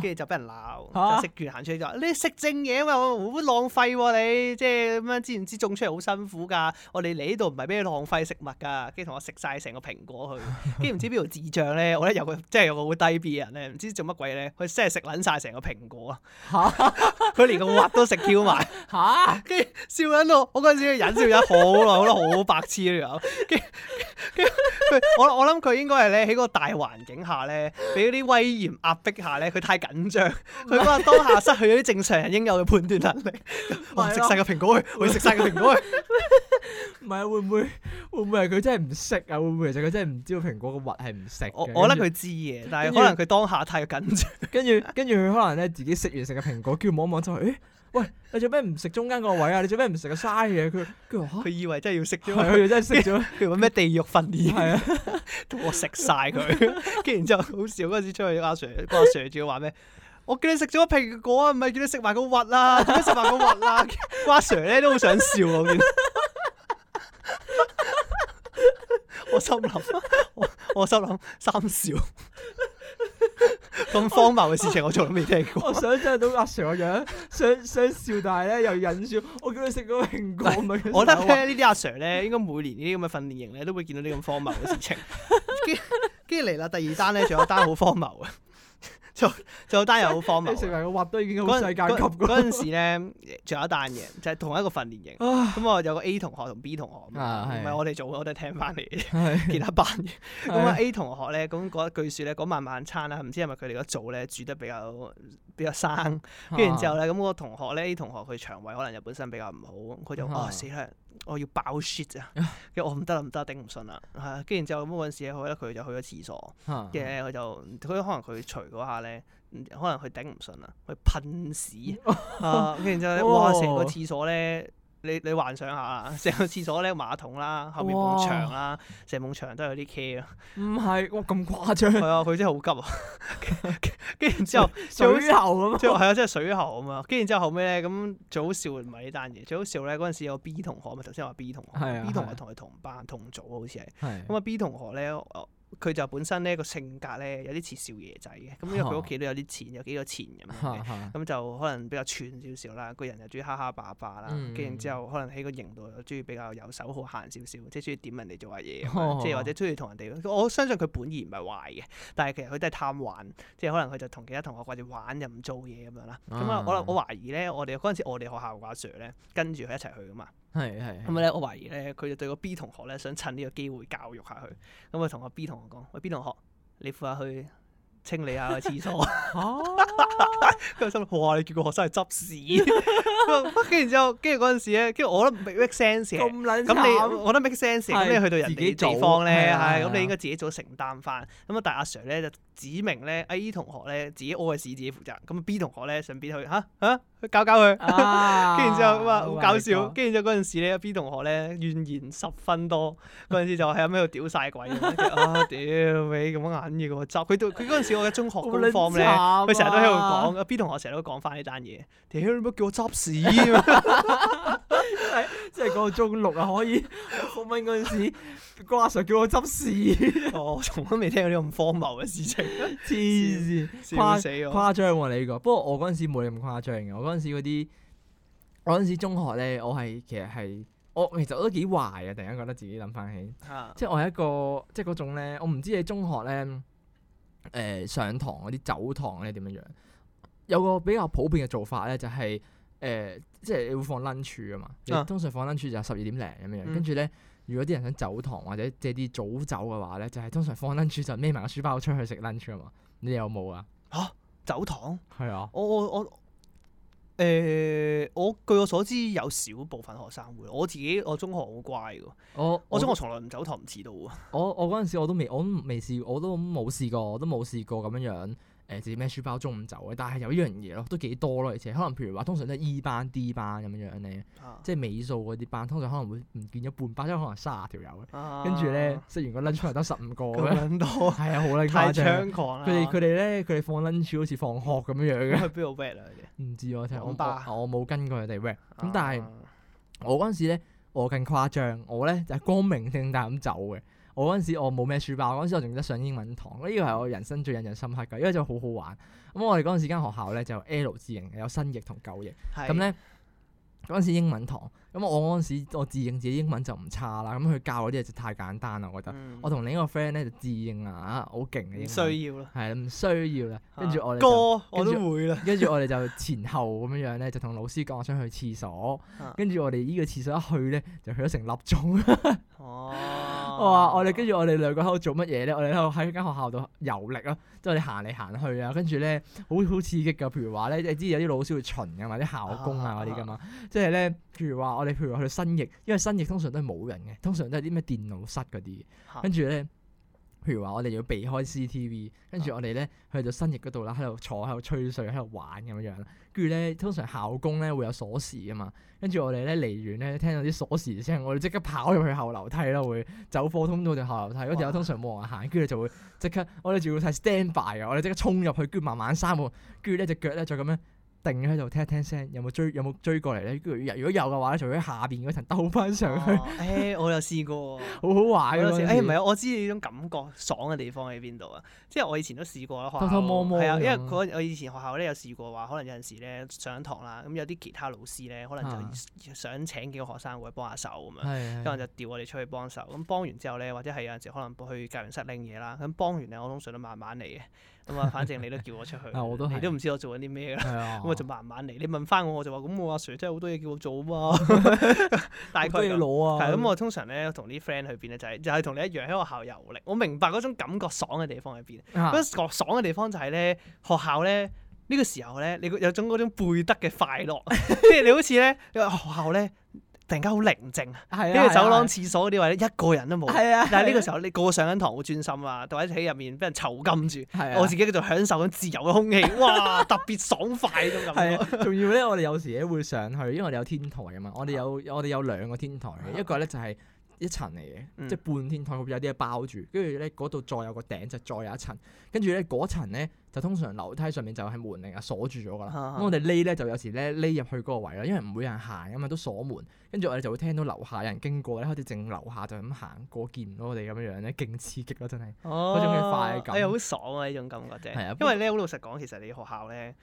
跟住就俾人鬧，就食完行出去。就話：你食剩嘢啊嘛，好浪費喎！你即係咁樣知唔知種出嚟好辛苦㗎？我哋嚟呢度唔係俾你浪費食物㗎，跟住同我食晒成個蘋果佢，跟住唔知邊度智障咧，我覺得有個即係、就是、有個好低 B 嘅人咧，唔知做乜鬼咧，佢真係食撚晒成個蘋果啊！嚇哈，佢 [laughs] 連個核都食挑埋嚇，跟住哈笑緊到我嗰陣時忍笑咗好耐，好得好白痴啦又，跟跟佢我我諗佢應該係咧喺個大環境下咧，俾啲威嚴壓迫下咧，佢太緊張，佢嗰個當下失去咗啲正常人應有嘅判斷能力，是 [laughs] 哇！食晒個蘋果去，我食晒個蘋果去。 [laughs] [laughs] 唔係啊，會唔會會唔會係佢真係唔識啊？會唔會其實佢真係唔知道蘋果個核係唔食？我我覺得佢知嘅，但係可能佢當下太過緊張，跟住跟住佢可能咧自己食完成個蘋果，叫住望望出去，誒，喂，你做咩唔食中間個位啊？你做咩唔食個嘥嘢？佢佢以為真係要食咗，係佢真係食咗，佢話咩地獄訓練，係啊，我食晒佢，跟住然之後好笑嗰陣時出去阿 Sir，幫阿 Sir 仲要話咩？我叫你食咗個蘋果啊，唔係叫你食埋個核啊，食埋個核啊，阿 Sir 咧都好想笑啊，我見 [laughs] 我心諗，我我心諗，三笑咁荒謬嘅事情，我仲未聽過。 [laughs] 我想像到阿 Sir 個樣，想想笑，但係咧又忍笑。我叫佢食個蘋果。但我覺得聽呢啲阿 Sir 咧，應該每年呢啲咁嘅訓練營咧，都會見到啲咁荒謬嘅事情。跟跟住嚟啦，第二單咧，仲有單好荒謬啊！最最後單又好荒謬，成時我挖都已經好世界級嘅。嗰時咧，仲有一單嘢，就係同一個訓練營。咁我有個 A 同學同 B 同學，唔係我哋做嘅，我哋聽翻嚟嘅。其他班嘅咁啊 A 同學咧，咁嗰句説咧，嗰晚晚餐啦，唔知係咪佢哋個組咧煮得比較比較生，跟住之後咧，咁個同學咧，A 同學佢腸胃可能又本身比較唔好，佢就哇死啦！」我要爆 shit [laughs] 啊！因為我唔得啦，唔得啦，頂唔順啦。係，跟住然之後嗰陣時咧，我覺得佢就去咗廁所跟嘅，佢就佢可能佢除嗰下咧，可能佢頂唔順啦，佢噴屎！跟住然之後咧， [laughs] 啊、 [laughs] 哇塞！成塞個廁所咧～你你幻想下啦，成個廁所咧馬桶啦，後面埲牆啦，成埲哇牆都有啲黐啊！唔係，哇咁誇張！係啊 [laughs] 嗯，佢真係好急啊！跟住之後，水喉咁啊，係啊， [laughs] 即係水喉啊嘛！跟住之後後尾咧，咁最好笑唔係呢單嘢，最好笑咧嗰陣時有 B 同學啊嘛，頭先話 B 同學、啊，B 同學同佢同班、啊、同組好似係，咁啊 B 同學咧。佢就本身咧個性格咧有啲似少爺仔嘅，咁因為佢屋企都有啲錢，呵呵有幾多錢咁樣嘅，咁呵就可能比較串少少啦，個人又中意蝦蝦霸霸啦，跟住之後可能喺個營度又中意比較有手好閒少少，即係中意點人哋做下嘢，即係呵或者中意同人哋。我相信佢本意唔係壞嘅，但係其實佢都係貪玩，即係可能佢就同其他同學掛住玩又唔做嘢咁樣啦。咁啊、嗯，我我懷疑咧，我哋嗰陣時我哋學校個阿 Sir 咧跟住佢一齊去噶嘛。係係，咁咧， [noise] 我懷疑咧，佢就對個 B 同學咧，想趁呢個機會教育下佢，咁啊同個 B 同學講：喂、hey，B 同學，你負下去清理下個廁所。佢、 [laughs] 啊、 [laughs] 心諗：哇，你叫個學生去執屎。 [laughs] [laughs] 然之後，跟住嗰陣時咧，跟住我都 make sense 咁你，我都 make sense 咁你去到人哋啲地方咧，係咁，你應該自己做承擔翻。咁啊，但阿 Sir 咧就指明咧，A 同學咧自己屙嘅屎自己負責。咁啊，B 同學咧順便去嚇去搞搞佢。跟住之後，哇，好搞笑！跟住之後嗰陣時咧，B 同學咧怨言十分多。嗰陣時就喺度屌晒鬼，啊屌你咁樣眼嘢喎！執佢，佢嗰陣時我嘅中學功課咧，佢成日都喺度講。B 同學成日都講翻呢單嘢。屌你，叫我執屎。 [laughs] 即係即係，中六啊，可以好炆嗰陣時，哥阿 sir 叫我執屎、 [laughs] 哦。我從嚟未聽過啲咁荒謬嘅事情，黐線，誇死我，誇張啊你呢個？不過我嗰陣時冇你咁誇張嘅。我嗰陣時嗰啲，我嗰陣時中學咧，我係其實係，我其實我都幾壞啊！突然間覺得自己諗翻起，啊、即係我係一個，即係嗰種咧，我唔知你中學咧，誒上堂嗰啲走堂咧點樣樣？有個比較普遍嘅做法咧，就係、是。誒、呃，即係會放 lunch 啊嘛，通常放 lunch 就十二點零咁樣，跟住咧，如果啲人想走堂或者借啲早走嘅話咧，就係、是、通常放 lunch 就孭埋個書包出去食 lunch 啊嘛，你哋有冇啊？嚇，走堂？係啊，我我我誒，我，我、欸、我據我所知有少部分學生會，我自己我中學好乖嘅、哦，我我中學從來唔走堂唔遲到㗎，我我嗰陣時我都未，我都未試，我都冇試過，我都冇試過咁樣。誒自己孭書包中午走嘅，但係有一樣嘢咯，都幾多咯，而且可能譬如話，通常都係 E 班 D 班咁樣樣咧，即係尾數嗰啲班，通常可能會唔見一半班，因為可能卅條友，跟住咧食完個 lunch 又得十五個咁樣多，係啊，好啦，太猖狂啦！佢哋佢哋咧，佢哋放 lunch 好似放學咁樣樣嘅。去邊度 wet 啊？佢哋唔知我聽我我冇跟過佢哋 wet 咁，但係我嗰陣時咧，我更誇張，我咧就光明正大咁走嘅。我嗰陣時我冇咩書包，嗰陣時我仲記得上英文堂，呢個係我人生最印象深刻嘅，因為就好好玩。咁我哋嗰陣時間學校咧就 L 字形，有新翼同舊翼，咁咧嗰陣時英文堂。咁我嗰陣時，我自認自己英文就唔差啦。咁佢教我啲嘢就太簡單啦，我覺得。嗯、我同另一個 friend 咧就自認啊，好勁嘅英文。唔需要咯。係啦著，唔需要啦。跟住我哋，歌我都會啦。跟住我哋就前後咁樣樣咧，就同老師講我想去廁所。啊、跟住我哋依個廁所一去咧，就去咗成粒鐘。哦、 [laughs] 啊。我話我哋跟住我哋兩個喺度做乜嘢咧？我哋喺度喺間學校度遊歷啊，即係我哋行嚟行去啊。跟住咧，好好刺激㗎。譬如話咧，你知有啲老師會巡㗎嘛，啲校工啊嗰啲㗎嘛。即係咧，譬如話你譬如話去到新翼，因為新翼通常都係冇人嘅，通常都係啲咩電腦室嗰啲，啊、跟住咧，譬如話我哋要避開 CTV，跟住我哋咧去到新翼嗰度啦，喺度坐喺度吹水，喺度玩咁樣樣。跟住咧，通常校工咧會有鎖匙噶嘛，跟住我哋咧離完咧聽到啲鎖匙聲，我哋即刻跑入去後樓梯啦，會走火通道條後樓梯嗰條，哇通常冇人行，跟住就會即刻， [laughs] 我哋仲要睇 stand by 啊，我哋即刻衝入去，跟住慢慢閂門，跟住咧隻腳咧再咁樣。定喺度聽一聽聲，有冇追有冇追過嚟咧？跟住如果有嘅話咧，就喺下邊嗰層兜翻上去。誒、啊欸，我有試過， [laughs] 好好玩嘅。誒，唔、欸、係，我知呢種感覺爽嘅地方喺邊度啊？即係我以前都試過啦，偷偷摸，摸啊，因為我我以前學校咧有試過話，可能有陣時咧上堂啦，咁有啲其他老師咧，可能就想請幾個學生會幫下手咁樣，能、啊、就調我哋出去幫手。咁的幫，幫完之後咧，或者係有陣時可能去教員室拎嘢啦。咁幫完咧，我通常都慢慢嚟嘅。咁啊， [laughs] 反正你都叫我出去， [laughs] 啊、你都唔知我做緊啲咩啦。咁我就慢慢嚟。你問翻我，我就話：咁我阿 Sir 真係好多嘢叫我做啊嘛。大概攞 [laughs] 啊。係咁，我通常咧同啲 friend 去邊咧、就係，就係就係同你一樣喺學校遊歷。我明白嗰種感覺爽嘅地方喺邊。嗰、啊、個爽嘅地方就係、是、咧，學校咧呢、呢個時候咧，你有種嗰種背德嘅快樂，即係 [laughs] [laughs] 你好似咧，你話學校咧。突然間好寧靜啊，跟住走廊、廁所嗰啲位一個人都冇，但係呢個時候你個個上緊堂好專心啊，或者喺入面俾人囚禁住，我自己叫做享受緊自由嘅空氣，哇！特別爽快嗰種感覺。係啊，仲要咧，我哋有時咧會上去，因為我哋有天台啊嘛，我哋有我哋有兩個天台，一個咧就係。一層嚟嘅，嗯、即係半天堂，有啲嘢包住，跟住咧嗰度再有個頂，就再有一層，跟住咧嗰層咧就通常樓梯上面就係門嚟啊，鎖住咗噶啦。咁、嗯嗯、我哋匿咧就有時咧匿入去嗰個位咯，因為唔會有人行啊嘛，都鎖門。跟住我哋就會聽到樓下有人經過咧，好似正樓下就咁行過見唔到我哋咁樣樣咧，勁刺激咯，真係嗰、哦、種嘅快感。哎呀、欸，好爽啊！呢種感覺啫，的因為咧好為但 老實講，其實你學校咧。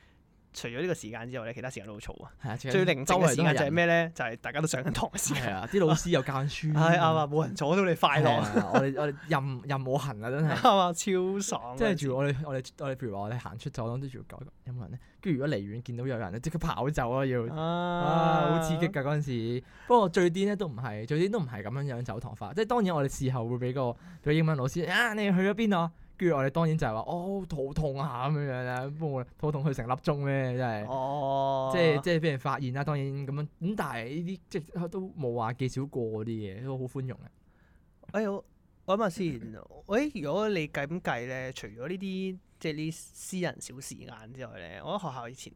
除咗呢個時間之外咧，其他時間都好嘈啊！係啊，最寧靜嘅時間就係咩咧？就係大家都上緊堂嘅時間，啲老師又教書。係啊，冇人阻到你快樂。我哋我哋任任我行啊！真係啊，超爽。即係住我哋我哋我哋，譬如話我哋行出走廊，都住要改，有冇人咧？跟住如果離遠見到有人咧，即刻跑走咯要啊！好刺激㗎嗰陣時。不過最癲咧都唔係，最癲都唔係咁樣樣走堂法。即係當然我哋事後會俾個英文老師啊，你去咗邊啊？跟住我哋當然就係話，哦，肚痛啊咁樣樣咧，不過我哋肚痛去成粒鐘咩？真係，哦，即係即係俾人發現啦。當然咁樣，咁但係呢啲即係都冇話幾少過啲嘢，都好寬容嘅。哎，我諗下先， [laughs] 哎，如果你計咁計咧，除咗呢啲即係呢啲私人小時間之外咧，我喺學校以前，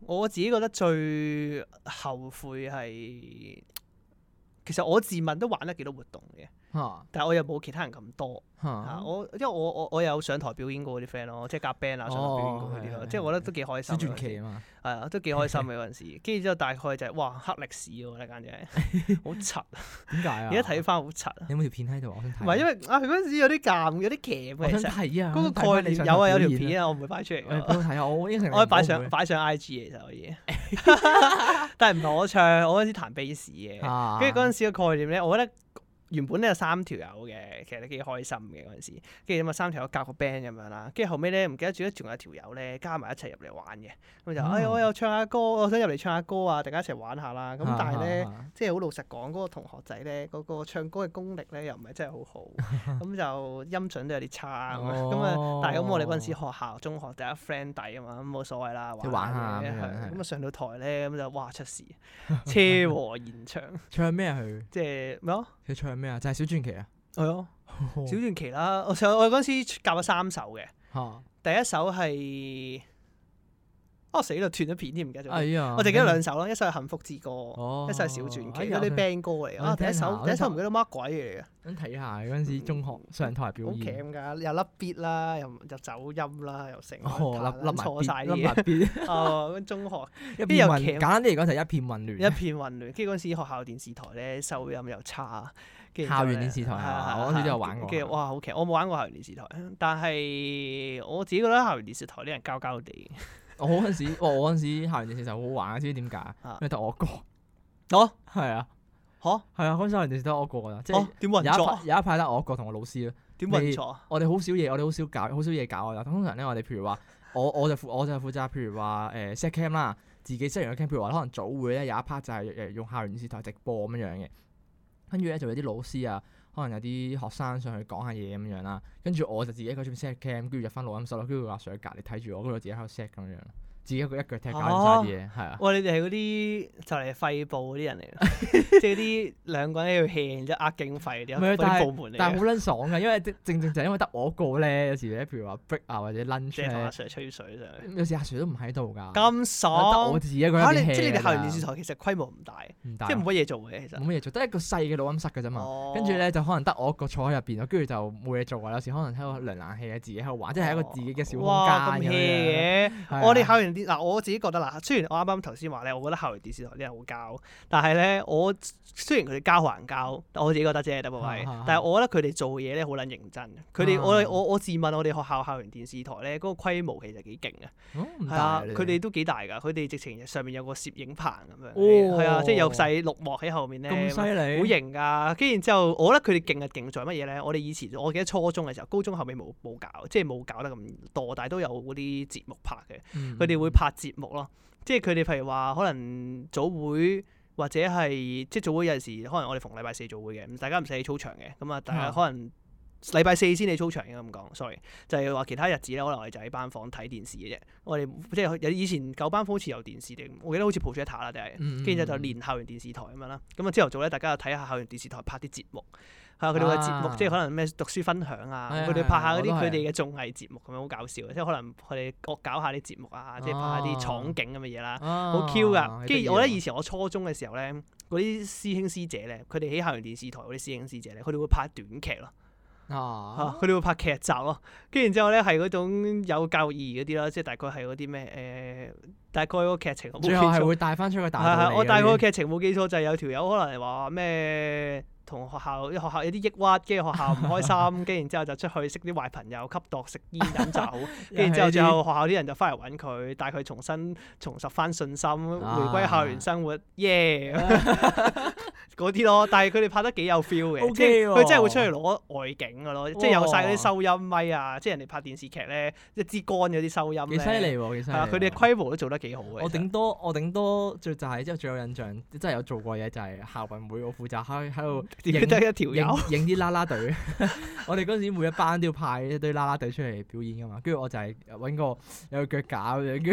我自己覺得最後悔係其實我自問都玩得幾多活動嘅。但係我又冇其他人咁多，我因為我我我有上台表演過啲 friend 咯，即係夾 band 啊，上台表演過嗰啲咯，即係我覺得都幾開心。小傳奇啊嘛，係啊，都幾開心嘅嗰陣時。跟住之後大概就係哇，黑歷史喎，突然間真係好柒，點解啊？而家睇翻好柒啊！有冇條片喺度啊？我唔係因為佢嗰陣時有啲尷，有啲騎。我想睇啊！嗰個概念有啊，有條片啊，我唔會擺出嚟。你都睇下，我應承你。擺上 IG 其實可以，但係唔同我唱，我嗰陣時彈 bass 嘅，跟住嗰陣時個概念咧，我覺得。原本咧有三條友嘅，其實都幾開心嘅嗰陣時，跟住咁啊三條友夾個 band 咁樣啦，跟住後尾咧唔記得咗仲有條友咧加埋一齊入嚟玩嘅，咁就哎呀我又唱下歌，我想入嚟唱下歌啊，大家一齊玩下啦，咁但係咧即係好老實講，嗰個同學仔咧嗰個唱歌嘅功力咧又唔係真係好好，咁就音準都有啲差咁咁啊，但係咁我哋嗰陣時學校中學第一 friend 底啊嘛，咁冇所謂啦，玩嘅係咁啊上到台咧咁就哇出事，車禍現場，唱咩啊佢？即係咩啊？你唱咩。咩啊？就係小傳奇啊！係咯，小傳奇啦！我上我嗰陣時教咗三首嘅，第一首係，我死啦斷咗片添，唔記得咗。我淨記得兩首啦，一首係《幸福之歌》，一首係《小傳奇》，嗰啲 band 歌嚟嘅。啊，第一首第一首唔記得乜鬼嚟嘅。想睇下嗰陣時中學上台表演咁㗎，又甩 beat 啦，又走音啦，又成，笠笠錯曬啲嘢。哦，中學一片混，簡單啲嚟講就係一片混亂。一片混亂。跟住嗰陣時學校電視台咧，收音又差。校園電視台啊，我嗰時都有玩過。跟住哇，好勁！我冇玩過校園電視台，但係我自己覺得校園電視台啲人膠膠哋。我嗰陣時，我嗰陣時校園電視台好好玩啊，知唔知點解咩？因為得我一個。哦，係啊。吓？係啊。嗰陣時校園電視台得我一個啦，即係。點運作？有一 part 得我一個同我老師咯。點運作？我哋好少嘢，我哋好少搞，好少嘢搞噶。咁通常咧，我哋譬如話，我我就負我就負責，譬如話誒 set cam 啦，自己 set 完 cam。譬如話可能早會咧，有一 part 就係誒用校園電視台直播咁樣樣嘅。跟住咧就有啲老師啊，可能有啲學生上去講下嘢咁樣啦。跟住我就自己一個轉 set cam，跟住入翻錄音室咯。跟住佢話上去隔離睇住我，跟住我自己喺度 set 咁樣。自己一個一腳踢搞掂晒啲嘢，係啊！哇，你哋係嗰啲就嚟肺部嗰啲人嚟，即係啲兩個人喺度 hea 即 a 然壓警費啲但係好撚爽嘅，因為正正就係因為得我一個咧，有時咧譬如話 break 啊或者 lunch，即係阿 Sir 吹水就係。有時阿 Sir 都唔喺度噶，咁爽我自己一個人，即係你哋校園電視台其實規模唔大，即係冇乜嘢做嘅其實。冇乜嘢做，得一個細嘅錄音室嘅啫嘛。跟住咧就可能得我一個坐喺入邊，跟住就冇嘢做啊。有時可能喺度涼冷氣啊，自己喺度玩，即係一個自己嘅小空間咁樣嘅。我哋考完。嗱、啊、我自己覺得啦，雖然我啱啱頭先話咧，我覺得校園電視台啲人會教，但係咧我雖然佢哋交還交，我自己覺得啫，都冇但係我覺得佢哋做嘢咧好撚認真。佢哋我、啊、我我自問我哋學校校園電視台咧嗰、那個規模其實幾勁嘅，係、哦、啊，佢哋都幾大㗎。佢哋直情上面有個攝影棚咁樣，係、哦、啊，即、就、係、是、有細綠幕喺後面咧，犀利、好型㗎。跟住之後，我覺得佢哋勁係勁在乜嘢咧？我哋以前我記得初中嘅時候，高中後尾冇冇搞，即係冇搞得咁多，但係都有嗰啲節目拍嘅，佢哋、嗯。會拍節目咯，即係佢哋譬如話，可能早會或者係即係早會有陣時，可能我哋逢禮拜四早會嘅，咁大家唔使喺操場嘅，咁啊大家可能禮拜四先喺操場嘅咁講，sorry，就係話其他日子咧，可能我哋就喺班房睇電視嘅啫。我哋即係以前舊班房好似有電視定，我記得好似 Polarita 啦定係，跟住就就連校園電視台咁樣啦。咁啊朝頭早咧，大家就睇下校園電視台拍啲節目。啊！佢哋嘅節目、啊、即係可能咩讀書分享啊，佢哋的拍下嗰啲佢哋嘅綜藝節目咁樣好搞笑，啊、即係可能佢哋各搞下啲節目啊，即係拍下啲廠景咁嘅嘢啦，好 Q 噶。跟住我覺得以前我、啊、初中嘅時候咧，嗰啲師兄師姐咧，佢哋喺校園電視台嗰啲師兄師姐咧，佢哋會拍短劇咯。佢哋、啊啊、會拍劇集咯。跟住然之後咧，係嗰種有教育意義嗰啲啦，即係大概係嗰啲咩誒？大概個劇情冇記錯。最後係會帶翻出個大道理。我大概劇情冇記錯，就係、是、有條友可能話咩？同學校，啲學校有啲抑鬱，跟住學校唔開心，跟住然之後就出去識啲壞朋友，吸毒、食煙、飲酒，跟住之後最後學校啲人就翻嚟揾佢，帶佢重新重拾翻信心，回歸校園生活，yeah，嗰啲咯。但係佢哋拍得幾有 feel 嘅，佢真係會出去攞外景嘅咯，即係有曬啲收音咪啊，即係人哋拍電視劇咧一支杆嗰啲收音，幾犀利喎，幾犀利。佢哋規模都做得幾好嘅。我頂多我頂多最就係即係最有印象，真係有做過嘢就係校運會，我負責喺喺度。影得一條友，影啲啦啦隊。 [laughs] [laughs] 我哋嗰陣時每一班都要派一堆啦啦隊出嚟表演㗎嘛。跟住我就係揾個有個腳架，跟住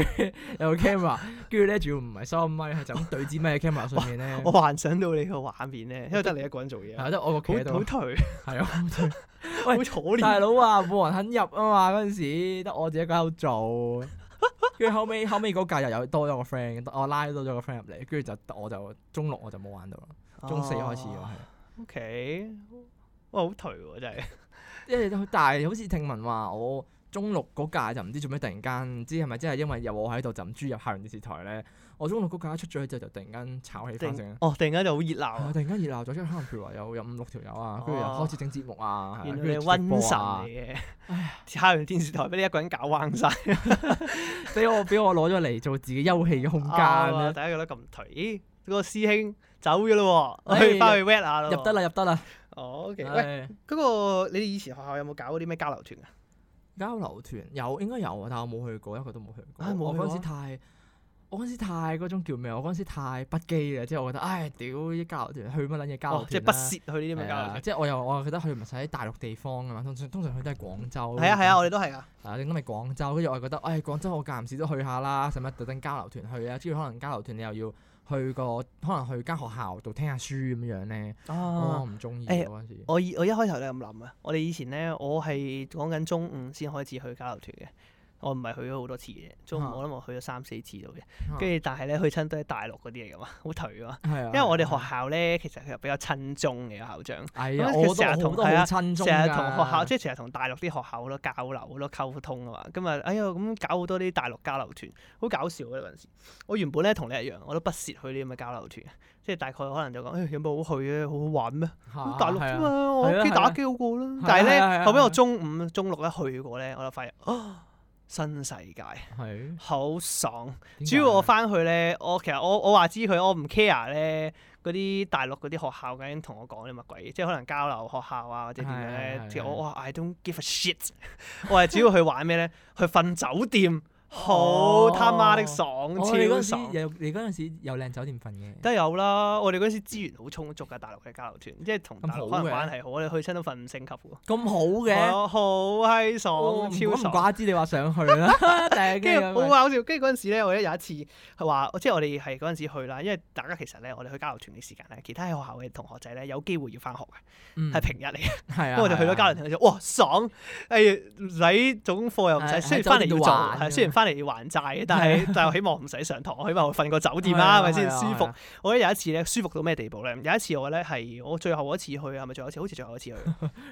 有個 camera，跟住咧仲要唔係收咪，係就咁對住咩 camera 上面咧。 [laughs] 我幻想到你個畫面咧，因為得你一個人做嘢。係得 [laughs] 我個企喺度。好頹。係啊，好頹。喂大佬啊，冇人肯入啊嘛！嗰陣時得我自己一個喺度做。跟住 [laughs] 後尾後尾 [laughs] 嗰屆又有多咗個 friend，我拉了多咗個 friend 入嚟，跟住就我就，我就中六我就冇玩到啦，中四開始我係。啊。O、okay, K，哇好頹喎真係，因為但係好似聽聞話我中六嗰屆就唔知做咩突然間唔知係咪真係因為有我喺度就唔注入校園電視台咧，我中六嗰屆出咗去之後就突然間炒起翻正，哦突然間就好熱鬧、啊啊，突然間熱鬧咗，因為可能譬如話有有五,五六條友啊，跟住、哦、又開始整節目啊，原來温莎嘅校園電視台俾你一個人搞彎晒，俾 [laughs] [laughs] [laughs] 我俾我攞咗嚟做自己休息嘅空間啦。第一個都咁頹？咦，嗰、那個師兄。走咗咯，去翻去搵下。入得啦，入得啦。哦，喂，嗰個你哋以前學校有冇搞嗰啲咩交流團啊？交流團？有，應該有啊，但我冇去過，一個都冇去過。唉，我嗰陣時太，我嗰陣時太嗰種叫咩？我嗰陣時太不羈啦，即係我覺得，唉，屌啲交流團，去乜撚嘢交流？即係不屑去呢啲咩交流。即係我又我又覺得去唔使喺大陸地方，通常通常去都係廣州。係啊係啊，我哋都係啊。啊，咁咪廣州，跟住我又覺得，唉，廣州我間唔時都去下啦，使乜特登交流團去啊？跟住可能交流團你又要。去個可能去間學校度聽下書咁樣咧，我唔中意。我、欸、時我一開頭你咁諗啊？我哋以前咧，我係講緊中五先開始去交流團嘅。我唔係去咗好多次嘅，中午我諗我去咗三四次、嗯、到嘅，跟住但係咧去親都係大陸嗰啲嚟㗎嘛，好頹㗎嘛。因為我哋學校咧其實佢又比較親中嘅校長，咁佢成日同係啊，成日同學校即係成日同大陸啲學校咯交流咯溝通啊嘛。咁啊哎呀咁搞好多啲大陸交流團，好搞笑啊！嗰陣時，我原本咧同你一樣，我都不屑去啲咁嘅交流團，即係大概可能就講、哎、有冇去咧，好好玩咩？啊、大陸啫嘛，啊啊、我打機好過啦。啊啊、但係咧、啊啊啊、後尾我中五、中六一去過咧，我就發現啊～新世界，好的爽。何主要我翻去咧，我其實我我話知佢，我唔 care 咧嗰啲大陸嗰啲學校究竟同我講啲乜鬼，即係可能交流學校啊或者點樣咧。是的是的其實我哇，I don't give a shit 是的是的。 [laughs] 我係主要去玩咩咧， [laughs] 去瞓酒店。好他媽的爽，超爽！有你嗰陣時有靚酒店瞓嘅，都係有啦。我哋嗰陣時資源好充足噶，大陸嘅交流團即係同大陸可能關係好，我哋去親都瞓五星級喎。咁好嘅，好閪爽，超爽。唔怪之你話想去啦，跟住好搞笑。跟住嗰陣時咧，我有一次係話，即係我哋係嗰陣時去啦，因為大家其實咧，我哋去交流團嘅時間咧，其他喺學校嘅同學仔咧有機會要翻學嘅，係平日嚟嘅。係啊，我哋去咗交流團嗰時，哇，爽！誒，唔使做功課又唔使，雖然翻嚟要做，係雖然翻嚟還債嘅，但係但係希望唔使上堂，我希望我起碼瞓個酒店啦，係咪先舒服？我覺得有一次咧，舒服到咩地步咧？有一次我咧係我最後一次去，係咪最後一次？好似最後一次去，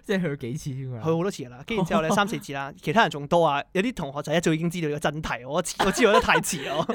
即係去幾次？去好多次啦，跟住之後咧三四次啦，其他人仲多啊。有啲同學仔一早已經知道呢個真題，我我知道得太遲咯。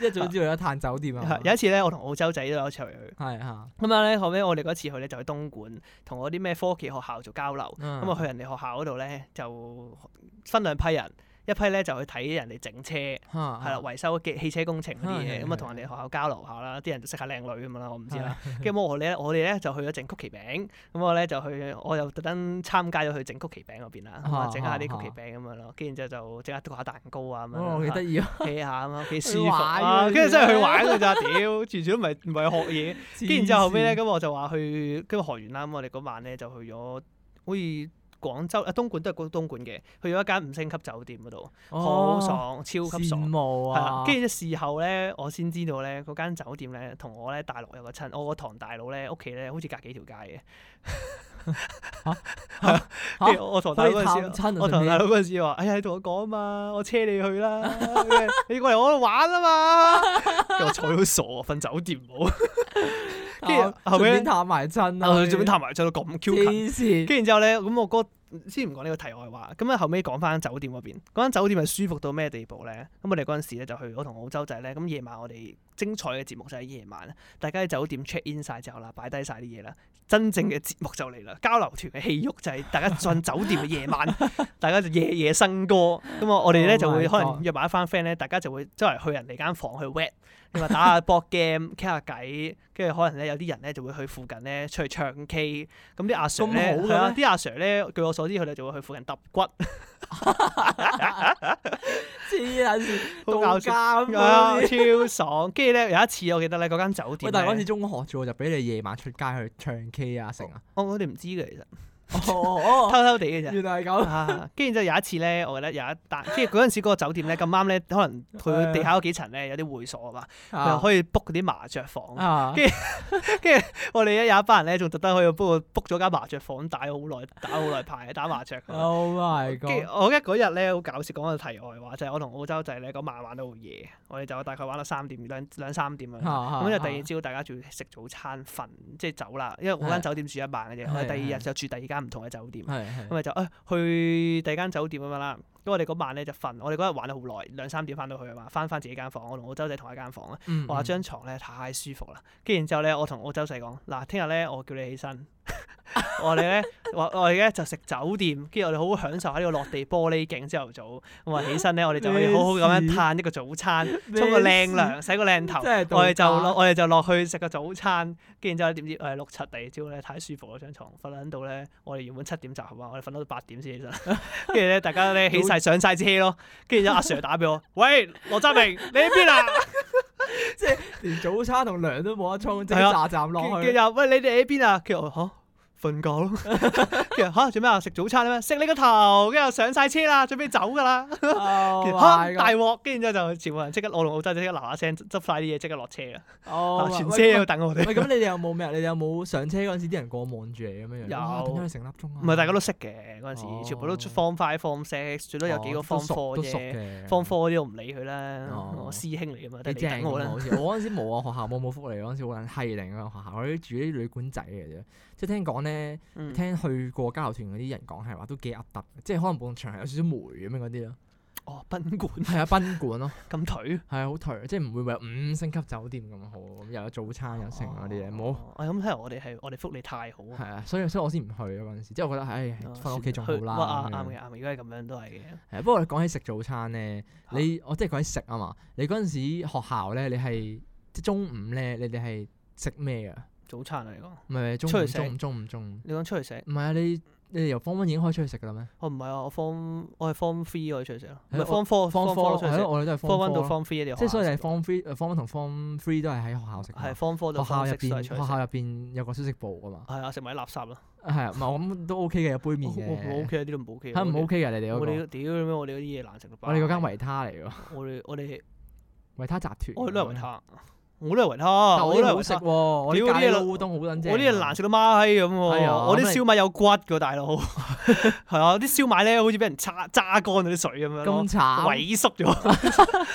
一早知道有得嘆酒店！有一次咧，我同澳洲仔都有一齊去，咁樣咧，後尾我哋嗰次去咧就去東莞，同嗰啲咩科技學校做交流。咁啊，去人哋學校嗰度咧就分兩批人。一批咧就去睇人哋整車，係啦維修嘅汽車工程嗰啲嘢，咁啊同人哋學校交流下啦，啲人就識下靚女咁樣啦，我唔知啦。跟住我哋咧，我哋咧就去咗整曲奇餅，咁我咧就去，我又特登參加咗去整曲奇餅嗰邊啦，整下啲曲奇餅咁樣咯。跟住之後就整下篤下蛋糕啊咁樣。哦，幾得意啊！企下咁樣幾舒服！跟住真係去玩㗎咋，屌，完全都唔係唔係學嘢。跟住之後後尾咧，咁我就話去，跟住學完啦。咁我哋嗰晚咧就去咗可以。廣州啊，東莞都係嗰個東莞嘅，去咗一間五星級酒店嗰度，好、哦、爽，超級爽，係啦、啊。跟住呢事後咧，我先知道咧，嗰間酒店咧，同我咧大陸有個親，我個堂大佬咧屋企咧，好似隔幾條街嘅。 [laughs] 吓係啊！跟住我同大佬嗰陣時，我同大佬嗰陣時話：哎呀，你同我講啊嘛，我車你去啦，你過嚟我度玩啊嘛！佢話坐好傻啊，瞓酒店唔好。跟住後尾探埋親啊，最尾探埋親到咁 Q。跟住然之後咧，咁我哥先唔講呢個題外話。咁咧後尾講翻酒店嗰邊，嗰間酒店係舒服到咩地步咧？咁我哋嗰陣時咧就去我同澳洲仔咧。咁夜晚我哋。精彩嘅節目就喺夜晚啦，大家喺酒店 check in 晒之後啦，擺低晒啲嘢啦，真正嘅節目就嚟啦！交流團嘅戲肉就係大家進酒店嘅夜晚， [laughs] [laughs] 大家就夜夜笙歌。咁啊，我哋咧就會可能約埋一班 friend 咧，哦、大家就會周圍去人哋間房去 whip，打下博 game、傾下偈，跟住可能咧有啲人咧就會去附近咧出去唱 K。咁啲阿 sir 咧，啲阿 sir 咧，據我所知佢哋就會去附近揼骨。黐撚線，度假啊！啊 ooh，超爽。咧、欸、有一次我記得咧，嗰間酒店，但係嗰陣時中學啫喎， [noise] 就俾你夜晚出街去唱 K 啊？成啊、哦哦，我哋唔知嘅其實。 [laughs] 偷偷哋嘅啫，原來、 [laughs] 啊、就係咁，跟住之後有一次咧，我覺得有一單，跟住嗰陣時嗰個酒店咧咁啱咧，可能佢地下有幾層咧，有啲會所嘛，又、啊、可以 book 嗰啲麻雀房。跟住跟住我哋有一班人咧，仲特登去 book book 咗間麻雀房打好耐，打好耐牌打麻雀。 [laughs] Oh my god！我記得嗰日咧好搞笑，講緊題外話就係、是、我同澳洲仔咧嗰晚玩到夜，我哋就大概玩到三點兩兩三點咁樣。咁、啊啊啊、就第二朝大家仲要食早餐瞓，即係走啦。因為我間酒店住一晚嘅啫， [laughs] 第二日就住第二間。 [laughs] 唔同嘅酒店，咁咪的就啊、哎、去第二間酒店咁樣啦。我哋嗰晚咧就瞓，我哋嗰日玩得好耐，兩三點翻到去啊嘛，翻翻自己間房，我同澳洲仔同一間房啊，話張、嗯嗯、床咧太舒服啦。跟住然之後咧，我同澳洲仔講：嗱，聽日咧我叫你起身。 [laughs] 我哋咧，我我哋咧就食酒店，跟住我哋好好享受喺呢個落地玻璃鏡朝頭早。我話起身咧，我哋就可以好好咁樣嘆一個早餐，沖個靚涼，洗個靚頭。我哋就落，我哋就落去食個早餐。跟住然之後點知，碌柒第二朝咧太舒服啦，張床瞓緊度咧，我哋原本七點集合，我哋瞓到八點先起身。跟住咧，大家咧起身。上晒支車咯，跟住阿 Sir 打俾我， [laughs] 喂，羅澤明， [laughs] 你喺邊啊？ [laughs] 即係連早餐同糧都冇得沖， [laughs] 即係站站落去。跟住，喂，你哋喺邊啊？佢話嚇。啊瞓覺咯，跟住嚇，做咩啊？食早餐咧咩？食你個頭，跟住上晒車啦，準備走噶啦。大鑊，跟住之後就全部人即刻我同我仔即刻嗱嗱聲執晒啲嘢，即刻落車啊！哦，全車要等我哋。喂，係咁，你哋有冇咩？你哋有冇上車嗰陣時啲人過望住你咁樣？有等咗你成粒鐘啊？唔係大家都識嘅嗰陣時，全部都 form five、form six，最多有幾個 form four 啫。form four 啲我唔理佢啦，我師兄嚟噶嘛，我嗰陣時冇啊，學校冇冇福利。嗰陣時好撚閪另一學校，我住啲旅館仔嚟啫。即係聽講咧，聽去過交流團嗰啲人講係話都幾嘔突，即係可能伴長有少少霉咁樣嗰啲咯。哦，賓館係啊，賓館咯，咁頹係啊，好頹，即係唔會話五星級酒店咁好，又有早餐又剩嗰啲嘢冇。我諗聽嚟，我哋係我哋福利太好啊。係啊，所以所以我先唔去咯嗰陣時，即係我覺得唉，翻屋企仲好啦。啱嘅，啱嘅，如果係咁樣都係嘅。不過講起食早餐咧，你我即係講起食啊嘛。你嗰陣時學校咧，你係即中午咧，你哋係食咩啊？早餐嚟你講，唔係，中午中午中午中午。你講出去食？唔係啊！你你由 form one 已經可以出去食噶啦咩？哦，唔係啊！我 form 我係 form three 可以出去食咯。form four form four 出去食。我哋都係 form one 到 form three 喺學校。即所以係 form three form one 同 form three 都係喺學校食。係 form four 就學校入邊學校入邊有個小食部噶嘛。係啊，食埋啲垃圾咯。係啊，唔係我諗都 OK 嘅，有杯麪 OK 一啲都唔 OK。嚇唔 OK 嘅你哋嗰個？我哋屌我哋嗰啲嘢難食到爆。我哋嗰間維他嚟噶。我哋我哋維他集團。我係都係維他。我都係維他，但係我都係好食喎。我啲嗰啲烏冬好緊，我啲嘢難食到媽閪咁喎。我啲燒賣有骨嘅，大佬係啊，啲燒賣咧好似俾人叉揸乾咗啲水咁樣，萎縮咗。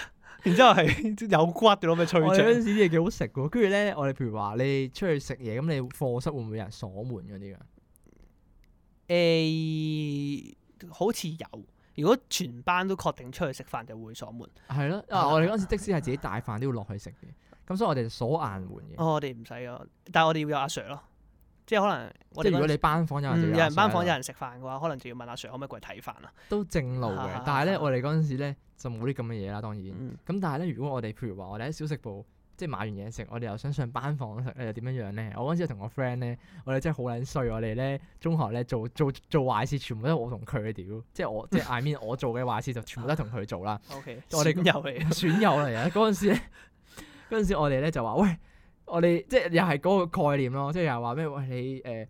然之後係有骨嘅咯，咪脆？我嗰陣時啲嘢幾好食嘅，跟住咧，我哋譬如話你出去食嘢，咁你課室會唔會有人鎖門嗰啲噶？誒，好似有。如果全班都確定出去食飯，就會鎖門。係咯，我哋嗰陣時即使係自己帶飯都要落去食嘅。咁所以我，我哋就鎖硬門嘅。哦，我哋唔使噶，但係我哋要有阿 Sir 咯，即係可能。即係如果你班房有人有人班房有人食飯嘅話，可能就要問阿 Sir，可唔可以過嚟睇飯啊？都正路嘅，但係咧，我哋嗰陣時咧就冇啲咁嘅嘢啦，當然。咁、嗯、但係咧，如果我哋譬如話，我哋喺小食部即係買完嘢食，我哋又想上班房食又點樣樣咧？我嗰陣時同我 friend 咧，我哋真係好撚衰，我哋咧中學咧做做做，做壞事，全部都係我同佢嘅屌，即係我即係 I mean 我做嘅壞事就全部都係同佢做啦。O K。損友嚟， [laughs] 損友嚟啊！嗰陣時。 [laughs] 嗰陣時我哋咧就話，喂，我哋即又係嗰個概念咯，即係又話咩？喂你誒、呃，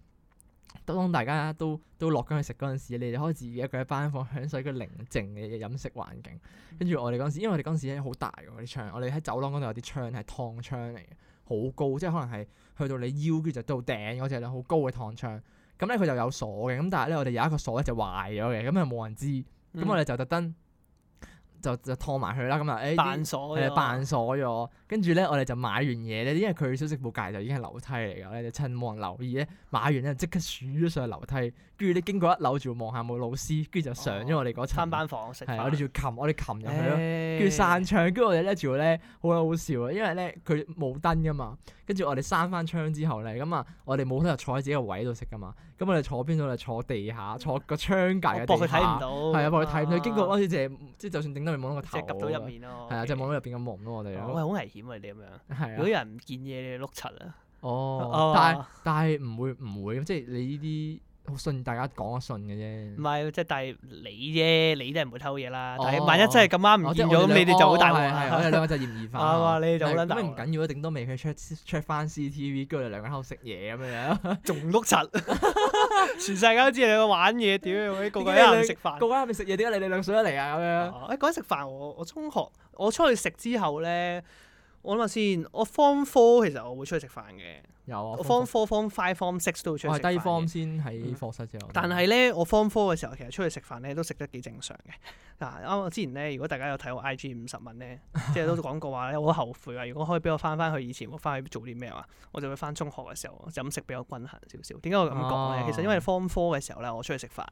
當大家都都落緊去食嗰陣時，你哋可以自己一個班房享受一個寧靜嘅飲食環境。跟住我哋嗰陣時，因為我哋嗰陣時咧好大嘅嗰啲窗，我哋喺走廊嗰度有啲窗係趟窗嚟嘅，好高，即可能係去到你腰跟住就到頂嗰隻啦，好高嘅趟窗，窗。咁咧佢就有鎖嘅，咁但係咧我哋有一個鎖咧就壞咗嘅，咁就冇人知。咁我哋就特登。就就拖埋去啦，咁啊誒誒扮鎖咗，跟住咧我哋就買完嘢咧，因為佢小食部隔籬就已經係樓梯嚟㗎咧，就趁冇人留意咧，買完咧即刻鼠咗上樓梯，跟住咧經過一樓仲要望下有冇老師，跟住就上咗我哋嗰餐班房食飯，我哋就冚我哋冚入去咯，跟住、哎、散場，跟住我哋咧就咧好好笑啊，因為咧佢冇燈㗎嘛。跟住我哋閂翻窗之後咧，咁啊，okay、我哋冇得能坐喺自己個位度食噶嘛。咁我哋坐邊度咧？坐地下，坐個窗隔嘅地下。博佢睇唔到。係啊，博佢睇唔到。經過嗰陣時淨係，即係就算頂多你望到個頭。即係 𥉺 到入面咯。係啊，就望到入邊咁望咯，我哋。喂，好危險啊！你哋咁樣。係啊。如果有人唔見嘢，你哋碌柒啊！哦。哦，但係但係唔會，唔會，即係你呢啲。好信大家講啊，信嘅啫。唔係，即係但係你啫，你都係唔會偷嘢啦。但係萬一真係咁啱唔見咗，咁你哋就好大鑊。係係，兩個人就嫌疑犯。啊嘛，你哋就好撚大。唔緊要啊，頂多未去 check check 翻 C T V，跟住兩個人喺度食嘢咁樣。仲碌柒！全世界都知你兩個玩嘢，屌你個啲個間入面食飯。個間入面食嘢點解你哋兩水一嚟啊？咁樣。誒，講起食飯，我我中學我出去食之後咧，我諗下先，我 Form 4其實我會出去食飯嘅。有啊，form four、form five、form six 都會出去食飯。低 form 先喺課室之後。但係咧，我 form four 嘅時候其實出去食飯咧都食得幾正常嘅。嗱、啊，啱我之前咧，如果大家有睇我 IG 五十蚊咧， [laughs] 即係都講過話咧，我好後悔啊！如果可以俾我翻返去以前，我翻去做啲咩啊？我就會翻中學嘅時候飲食比較均衡少少。點解我咁講咧？啊、其實因為 form four 嘅時候咧，我出去食飯，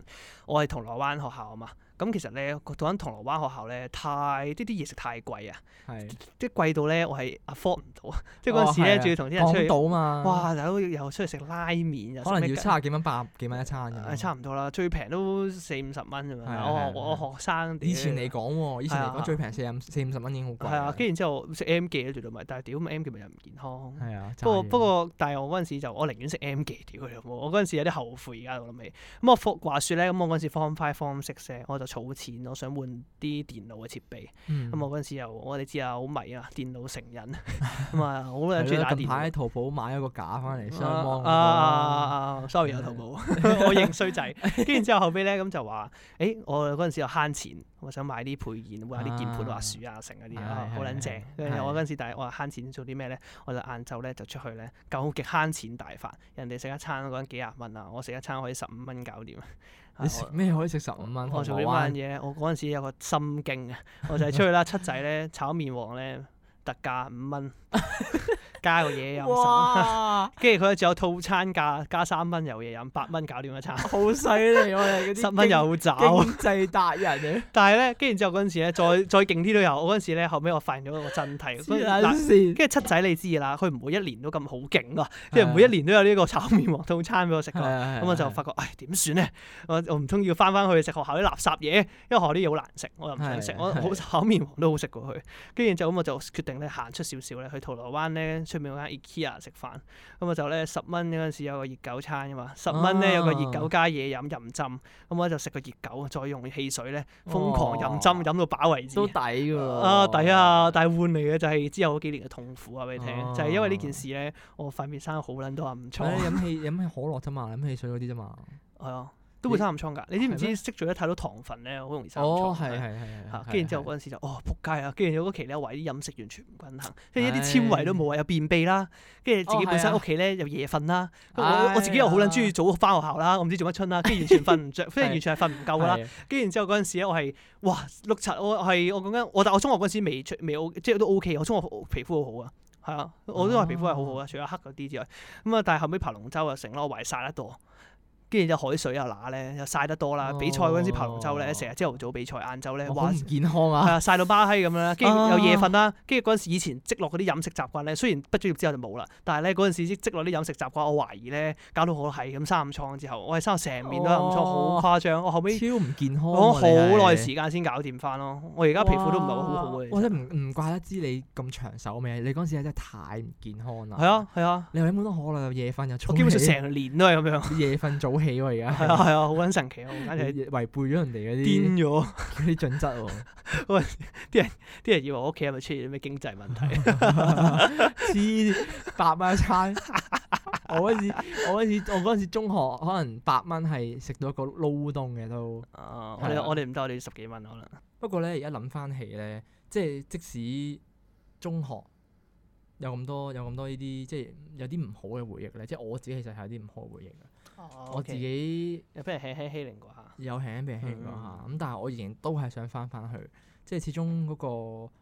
我係銅鑼灣學校啊嘛。咁其實咧，讀緊銅鑼灣學校咧，太呢啲嘢食太貴啊是，即係貴到咧我係 afford 唔到啊。即係嗰陣時咧，仲要同啲人出去。講到嘛～哇！大佬又出去食拉麵又，可能要七廿幾蚊八廿幾蚊一餐差唔多啦，最平都四五十蚊咁樣。我我學生。以前嚟講喎，以前嚟講最平四四五十蚊已經好貴。係啊，跟然之後食 M 記喺度買，但係屌 M 記咪又唔健康。不過不過，但係我嗰陣時就我寧願食 M 記屌佢，我嗰陣時有啲後悔而家諗起。咁我方話説咧，咁我嗰陣時 form five form six 我就儲錢，我想換啲電腦嘅設備。咁我嗰陣時又我哋知啊，好迷啊電腦成癮，咁啊好多人中意打電。近排喺淘寶買一個。假翻嚟，雙芒啊！sorry 有淘寶，我認衰仔。跟住之後後尾咧，咁就話，誒，我嗰陣時又慳錢，我想買啲配件，有啲鍵盤、滑鼠啊，成嗰啲好撚正。跟住我嗰陣時，但係我話慳錢做啲咩咧？我就晏晝咧就出去咧，究極慳錢大法。人哋食一餐嗰陣幾廿蚊啊，我食一餐可以十五蚊搞掂。你食咩可以食十五蚊？我做呢班嘢，我嗰陣時有個心經啊，我就係出去啦，七仔咧炒麵王咧特價五蚊。加個嘢飲，跟住佢仲有套餐價加三蚊有嘢飲，八蚊搞掂一餐。好犀利喎！十蚊有經制，達人。但係咧，跟住之後嗰陣時咧，再再勁啲都有。我嗰陣時咧，後尾我發現咗一個真諦，黐撚線。跟住七仔你知啦，佢唔會一年都咁好勁啊，即係 [laughs] 每一年都有呢個炒麵王套餐俾我食㗎。咁的我就發覺，唉的，點算咧？我唔通要翻翻去食學校啲垃圾嘢？因為學校啲嘢好難食，我又唔想食。的的我好炒麵王都好食過佢。跟住之後咁，我就決定咧行出少少咧，去銅鑼灣咧。出面有間 IKEA 食飯，咁我就咧十蚊嗰陣時有個熱狗餐㗎嘛，十蚊咧有個熱狗加嘢飲任斟，咁我、啊、就食個熱狗，再用汽水咧瘋狂任斟飲，飲，飲到飽為止。都抵㗎，啊、哦、抵啊，但係換嚟嘅就係之後嗰幾年嘅痛苦啊！俾你聽，就係、是、因為呢件事咧，我塊面生得好撚都話唔錯。飲汽飲咩可樂啫嘛，飲汽水嗰啲啫嘛。係 [laughs] 啊。都會生暗瘡㗎，你知唔知積聚咗太多糖分咧，好容易生暗瘡。哦，係係係。嚇，跟住然之後嗰陣時就，哦，仆街啊！跟住有嗰期咧，我懷疑啲飲食完全唔均衡，即係一啲纖維都冇啊，有便秘啦。跟住自己本身屋企咧又夜瞓啦，我自己又好撚中意早翻學校啦，我唔知做乜春啦，跟住完全瞓唔着，即係完全係瞓唔夠啦。跟住然之後嗰陣時咧，我係哇綠茶，我係我講緊我，但係我中學嗰陣時未出未 O，即係都 O K 我中學皮膚好好啊，係啊，我都話皮膚係好好啊，除咗黑嗰啲之外，咁啊，但係後尾爬龍舟又成咯，我懷疑曬得多。跟住就海水又乸咧，又曬得多啦。比賽嗰陣時爬龍舟咧，成日朝頭早比賽，晏晝咧，哇唔健康啊！係啊，曬到巴閪咁樣咧，跟住又夜瞓啦。跟住嗰陣時以前積落嗰啲飲食習慣咧，雖然畢咗業之後就冇啦，但係咧嗰陣時積落啲飲食習慣，我懷疑咧搞到我係咁生暗瘡之後，我係生成面都暗瘡，好誇張。我後尾超唔健康，我講好耐時間先搞掂翻咯。我而家皮膚都唔係好好嘅。我真唔唔怪得知你咁長壽咩？你嗰陣時真係太唔健康啦。係啊係啊，你有冇都好啦，又夜瞓又錯。基本上成年都係咁樣。夜瞓早起喎，而家係啊，係啊，好撚、啊、神奇，簡直係違背咗人哋嗰啲癲咗嗰啲準則喎。喂瘋了，啲 [laughs] [laughs] [laughs] 人，啲人以為我屋企係咪出現啲咩經濟問題？黐 [laughs] [laughs] 八蚊一餐， [laughs] 我嗰時我嗰時我嗰時中學可能八蚊係食到一個勞動嘅都。我哋我哋唔得，我哋、啊、十幾蚊可能。不過咧，而家諗翻起咧，即係即使中學有咁多有咁多呢啲，即係有啲唔好嘅回憶咧。即係我自己其實係有啲唔好嘅回憶。我自己有被人欺欺欺凌過下，有被人欺凌過下，咁 [noise] 但係我仍然都係想翻返去，即係始終嗰個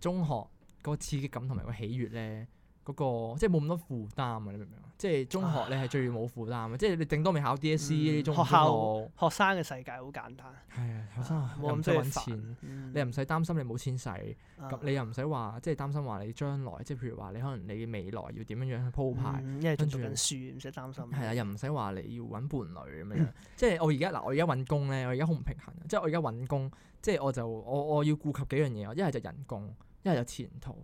中學嗰個刺激感同埋個喜悅咧。嗰個即係冇咁多負擔啊！你明唔明啊？即係中學你係最冇負擔啊！即係你頂多未考 DSE 呢種學校。學生嘅世界好簡單，學生唔使揾錢，你又唔使擔心你冇錢使，咁你又唔使話即係擔心話你將來即係譬如話你可能你未來要點樣去鋪排，跟住讀緊書唔使擔心。係啊，又唔使話你要揾伴侶咁樣，即係我而家嗱，我而家揾工咧，我而家好唔平衡，即係我而家揾工，即係我就我我要顧及幾樣嘢，一係就人工，一係就前途。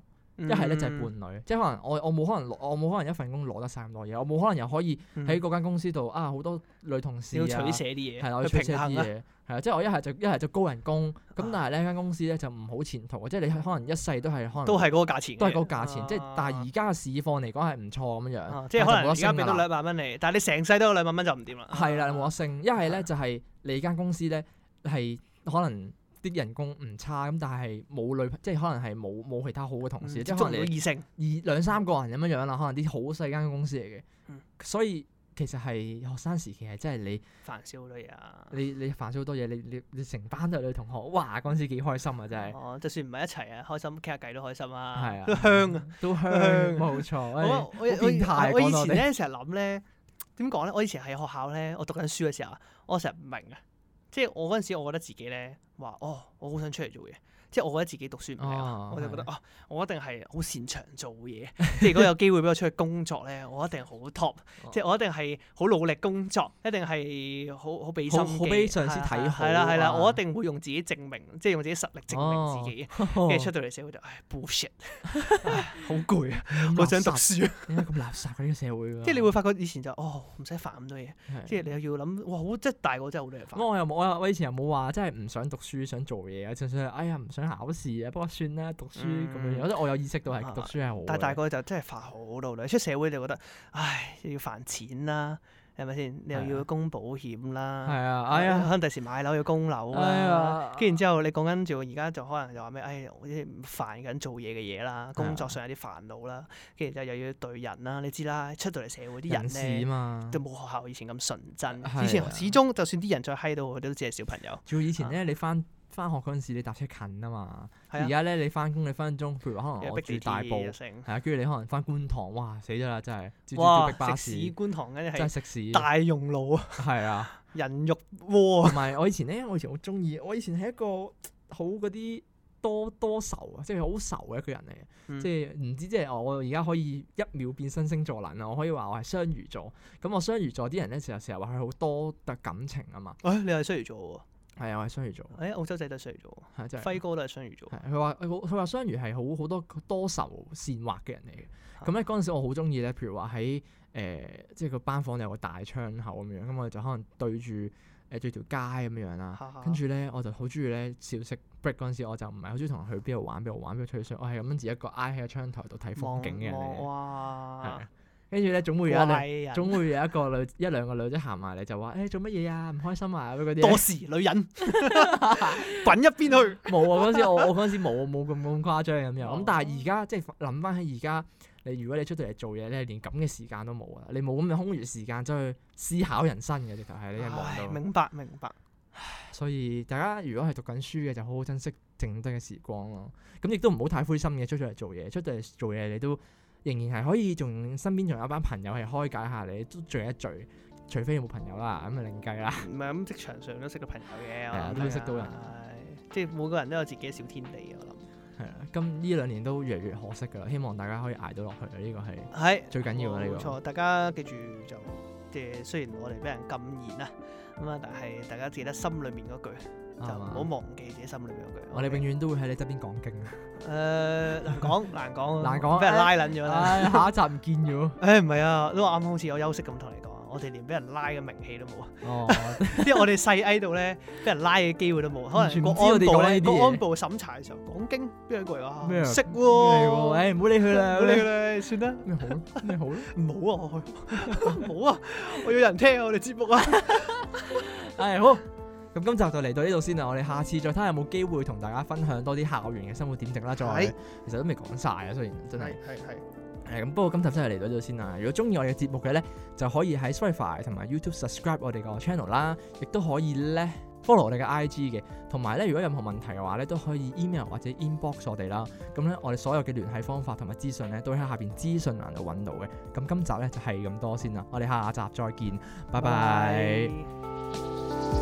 一係咧就係伴侶，即係可能我我冇可能攞，我冇可能一份工攞得晒咁多嘢，我冇可能又可以喺嗰間公司度啊，好多女同事要取捨啲嘢，係啊，要平啲嘢。係啊，即係我一係就一係就高人工，咁但係咧間公司咧就唔好前途，即係你可能一世都係可能都係嗰個價錢，都係嗰個價錢，即係但係而家嘅市況嚟講係唔錯咁樣，即係可能我而家俾多兩百蚊你，但係你成世都有兩百蚊就唔掂啦。係啦，冇得升。一係咧就係你間公司咧係可能。啲人工唔差咁，但係冇女，即係可能係冇冇其他好嘅同事，即係可能你二成二兩三個人咁樣樣啦。可能啲好細間公司嚟嘅，所以其實係學生時期係真係你煩少好多嘢，你你煩少好多嘢，你你你成班都係女同學，哇！嗰陣時幾開心啊，真係。哦，就算唔係一齊啊，開心傾下偈都開心啊，都香啊，都香，冇錯。我我以前咧成日諗咧點講咧？我以前喺學校咧，我讀緊書嘅時候，我成日唔明啊。即係我嗰陣時，我覺得自己咧話：哦，我好想出嚟做嘢。即係我覺得自己讀書唔係，我就覺得啊，我一定係好擅長做嘢。即係如果有機會俾我出去工作咧，我一定好 top。即係我一定係好努力工作，一定係好好俾心機俾上司睇。係啦係啦，我一定會用自己證明，即係用自己實力證明自己，跟住出到嚟社會就，唉 bullshit，好攰啊！唔想讀書啊！點解咁垃圾嘅呢個社會啊？即係你會發覺以前就哦，唔使煩咁多嘢，即係你又要諗哇好，即係大個真係好多嘢煩。咁我又冇，我以前又冇話真係唔想讀書想做嘢啊！就算。哎呀唔想。考試啊，不過算啦，讀書咁樣。我覺得我有意識到係讀書係好。但係大個就真係煩好多啦。出社會就覺得，唉，又要煩錢啦，係咪先？你又要供保險啦，係啊。可能第時買樓要供樓啦。跟住然之後，你講緊就而家就可能就話咩？唉，啲煩緊做嘢嘅嘢啦，工作上有啲煩惱啦。跟住就又要對人啦。你知啦，出到嚟社會啲人咧都冇學校以前咁純真。以前始終就算啲人再嗨到，佢都只係小朋友。翻學嗰陣時，你搭車近啊嘛！而家咧，嗯、你翻工你分分鐘，譬如可能我住大埔，係啊、嗯，跟、嗯、住你可能翻觀塘，哇，死咗啦！真係，哇，逼巴士，觀塘嘅真係食屎，食屎大用腦啊，係啊，人肉鍋同埋我以前咧，我以前好中意，我以前係一個好嗰啲多多愁啊，即係好愁嘅一個人嚟嘅、嗯，即係唔知即係我而家可以一秒變身星座男啊。我可以話我係雙魚座，咁我雙魚座啲人咧，成日成日話佢好多感情啊嘛，誒、哎，你係雙魚座喎。係啊，我係雙魚座。誒、欸，澳洲仔都雙魚座，就是、輝哥都係雙魚座。佢話佢佢話雙魚係好好多多愁善感嘅人嚟嘅。咁咧嗰陣時，我好中意咧，譬如話喺誒，即係個班房有個大窗口咁樣，咁我哋就可能對住誒、呃、對條街咁樣啦。啊、跟住咧，我就好中意咧，小息 break 嗰陣時，我就唔係好中意同人去邊度玩，邊度玩邊度吹水。我係咁樣自己一個挨喺個窗台度睇風景嘅人嚟嘅。哇跟住咧，總會有一人總會有一個女一兩個女仔行埋嚟，就話、 [laughs] 哎：誒做乜嘢啊？唔開心啊！嗰啲多事女人，滾 [laughs] [laughs] 一邊去！冇 [laughs] 啊！嗰陣時我我嗰陣時冇冇咁咁誇張咁樣。咁、哦、但係而家即係諗翻起而家，你如果你出到嚟做嘢，你係連咁嘅時間都冇啊！你冇咁嘅空餘時間出去思考人生嘅，直頭係你係冇到。明白明白。所以大家如果係讀緊書嘅，就好好珍惜剩低嘅時光咯。咁亦都唔好太灰心嘅，出咗嚟做嘢，出到嚟做嘢你都。仍然係可以，仲身邊仲有一班朋友係開解下你，都聚一聚。除非冇朋友啦，咁啊另計啦。唔係，咁職場上都識到朋友嘅，我都識到人。即每個人都有自己嘅小天地，我諗。係啦，咁呢兩年都越嚟越可惜㗎啦，希望大家可以捱到落去。呢個係係最緊要。呢個冇錯、哦、大家記住就即雖然我哋俾人禁言啦，咁啊，但係大家記得心裏面嗰句。就唔好忘記自己心裏有嘅。我哋永遠都會喺你側邊講經啊。誒，難講，難講，難講，俾人拉撚咗啦。下一集唔見咗。誒，唔係啊，都話啱啱好似我休息咁同你講，我哋連俾人拉嘅名氣都冇啊。哦。因為我哋細 A 度咧，俾人拉嘅機會都冇。可能國安部，國安部審查嘅時候講經，邊個過嚟啊？咩啊？識喎。係唔好理佢啦。好理佢，算啦。你好？咩好唔好啊！我唔好啊！我要有人聽我哋節目啊！係好。咁今集就嚟到呢度先啦，我哋下次再睇下有冇機會同大家分享多啲校園嘅生活點滴啦。再，是其實都未講晒啊，雖然真係係係係咁。不過今集真係嚟到呢度先啦。如果中意我哋嘅節目嘅咧，就可以喺 Spotify 同埋 YouTube subscribe 我哋個 channel 啦。亦都可以咧 follow 我哋嘅 IG 嘅。同埋咧，如果任何問題嘅話咧，都可以 email 或者 inbox 我哋啦。咁咧，我哋所有嘅聯繫方法同埋資訊咧，都喺下邊資訊欄度揾到嘅。咁今集咧就係、是、咁多先啦。我哋下集再見，拜拜。Okay.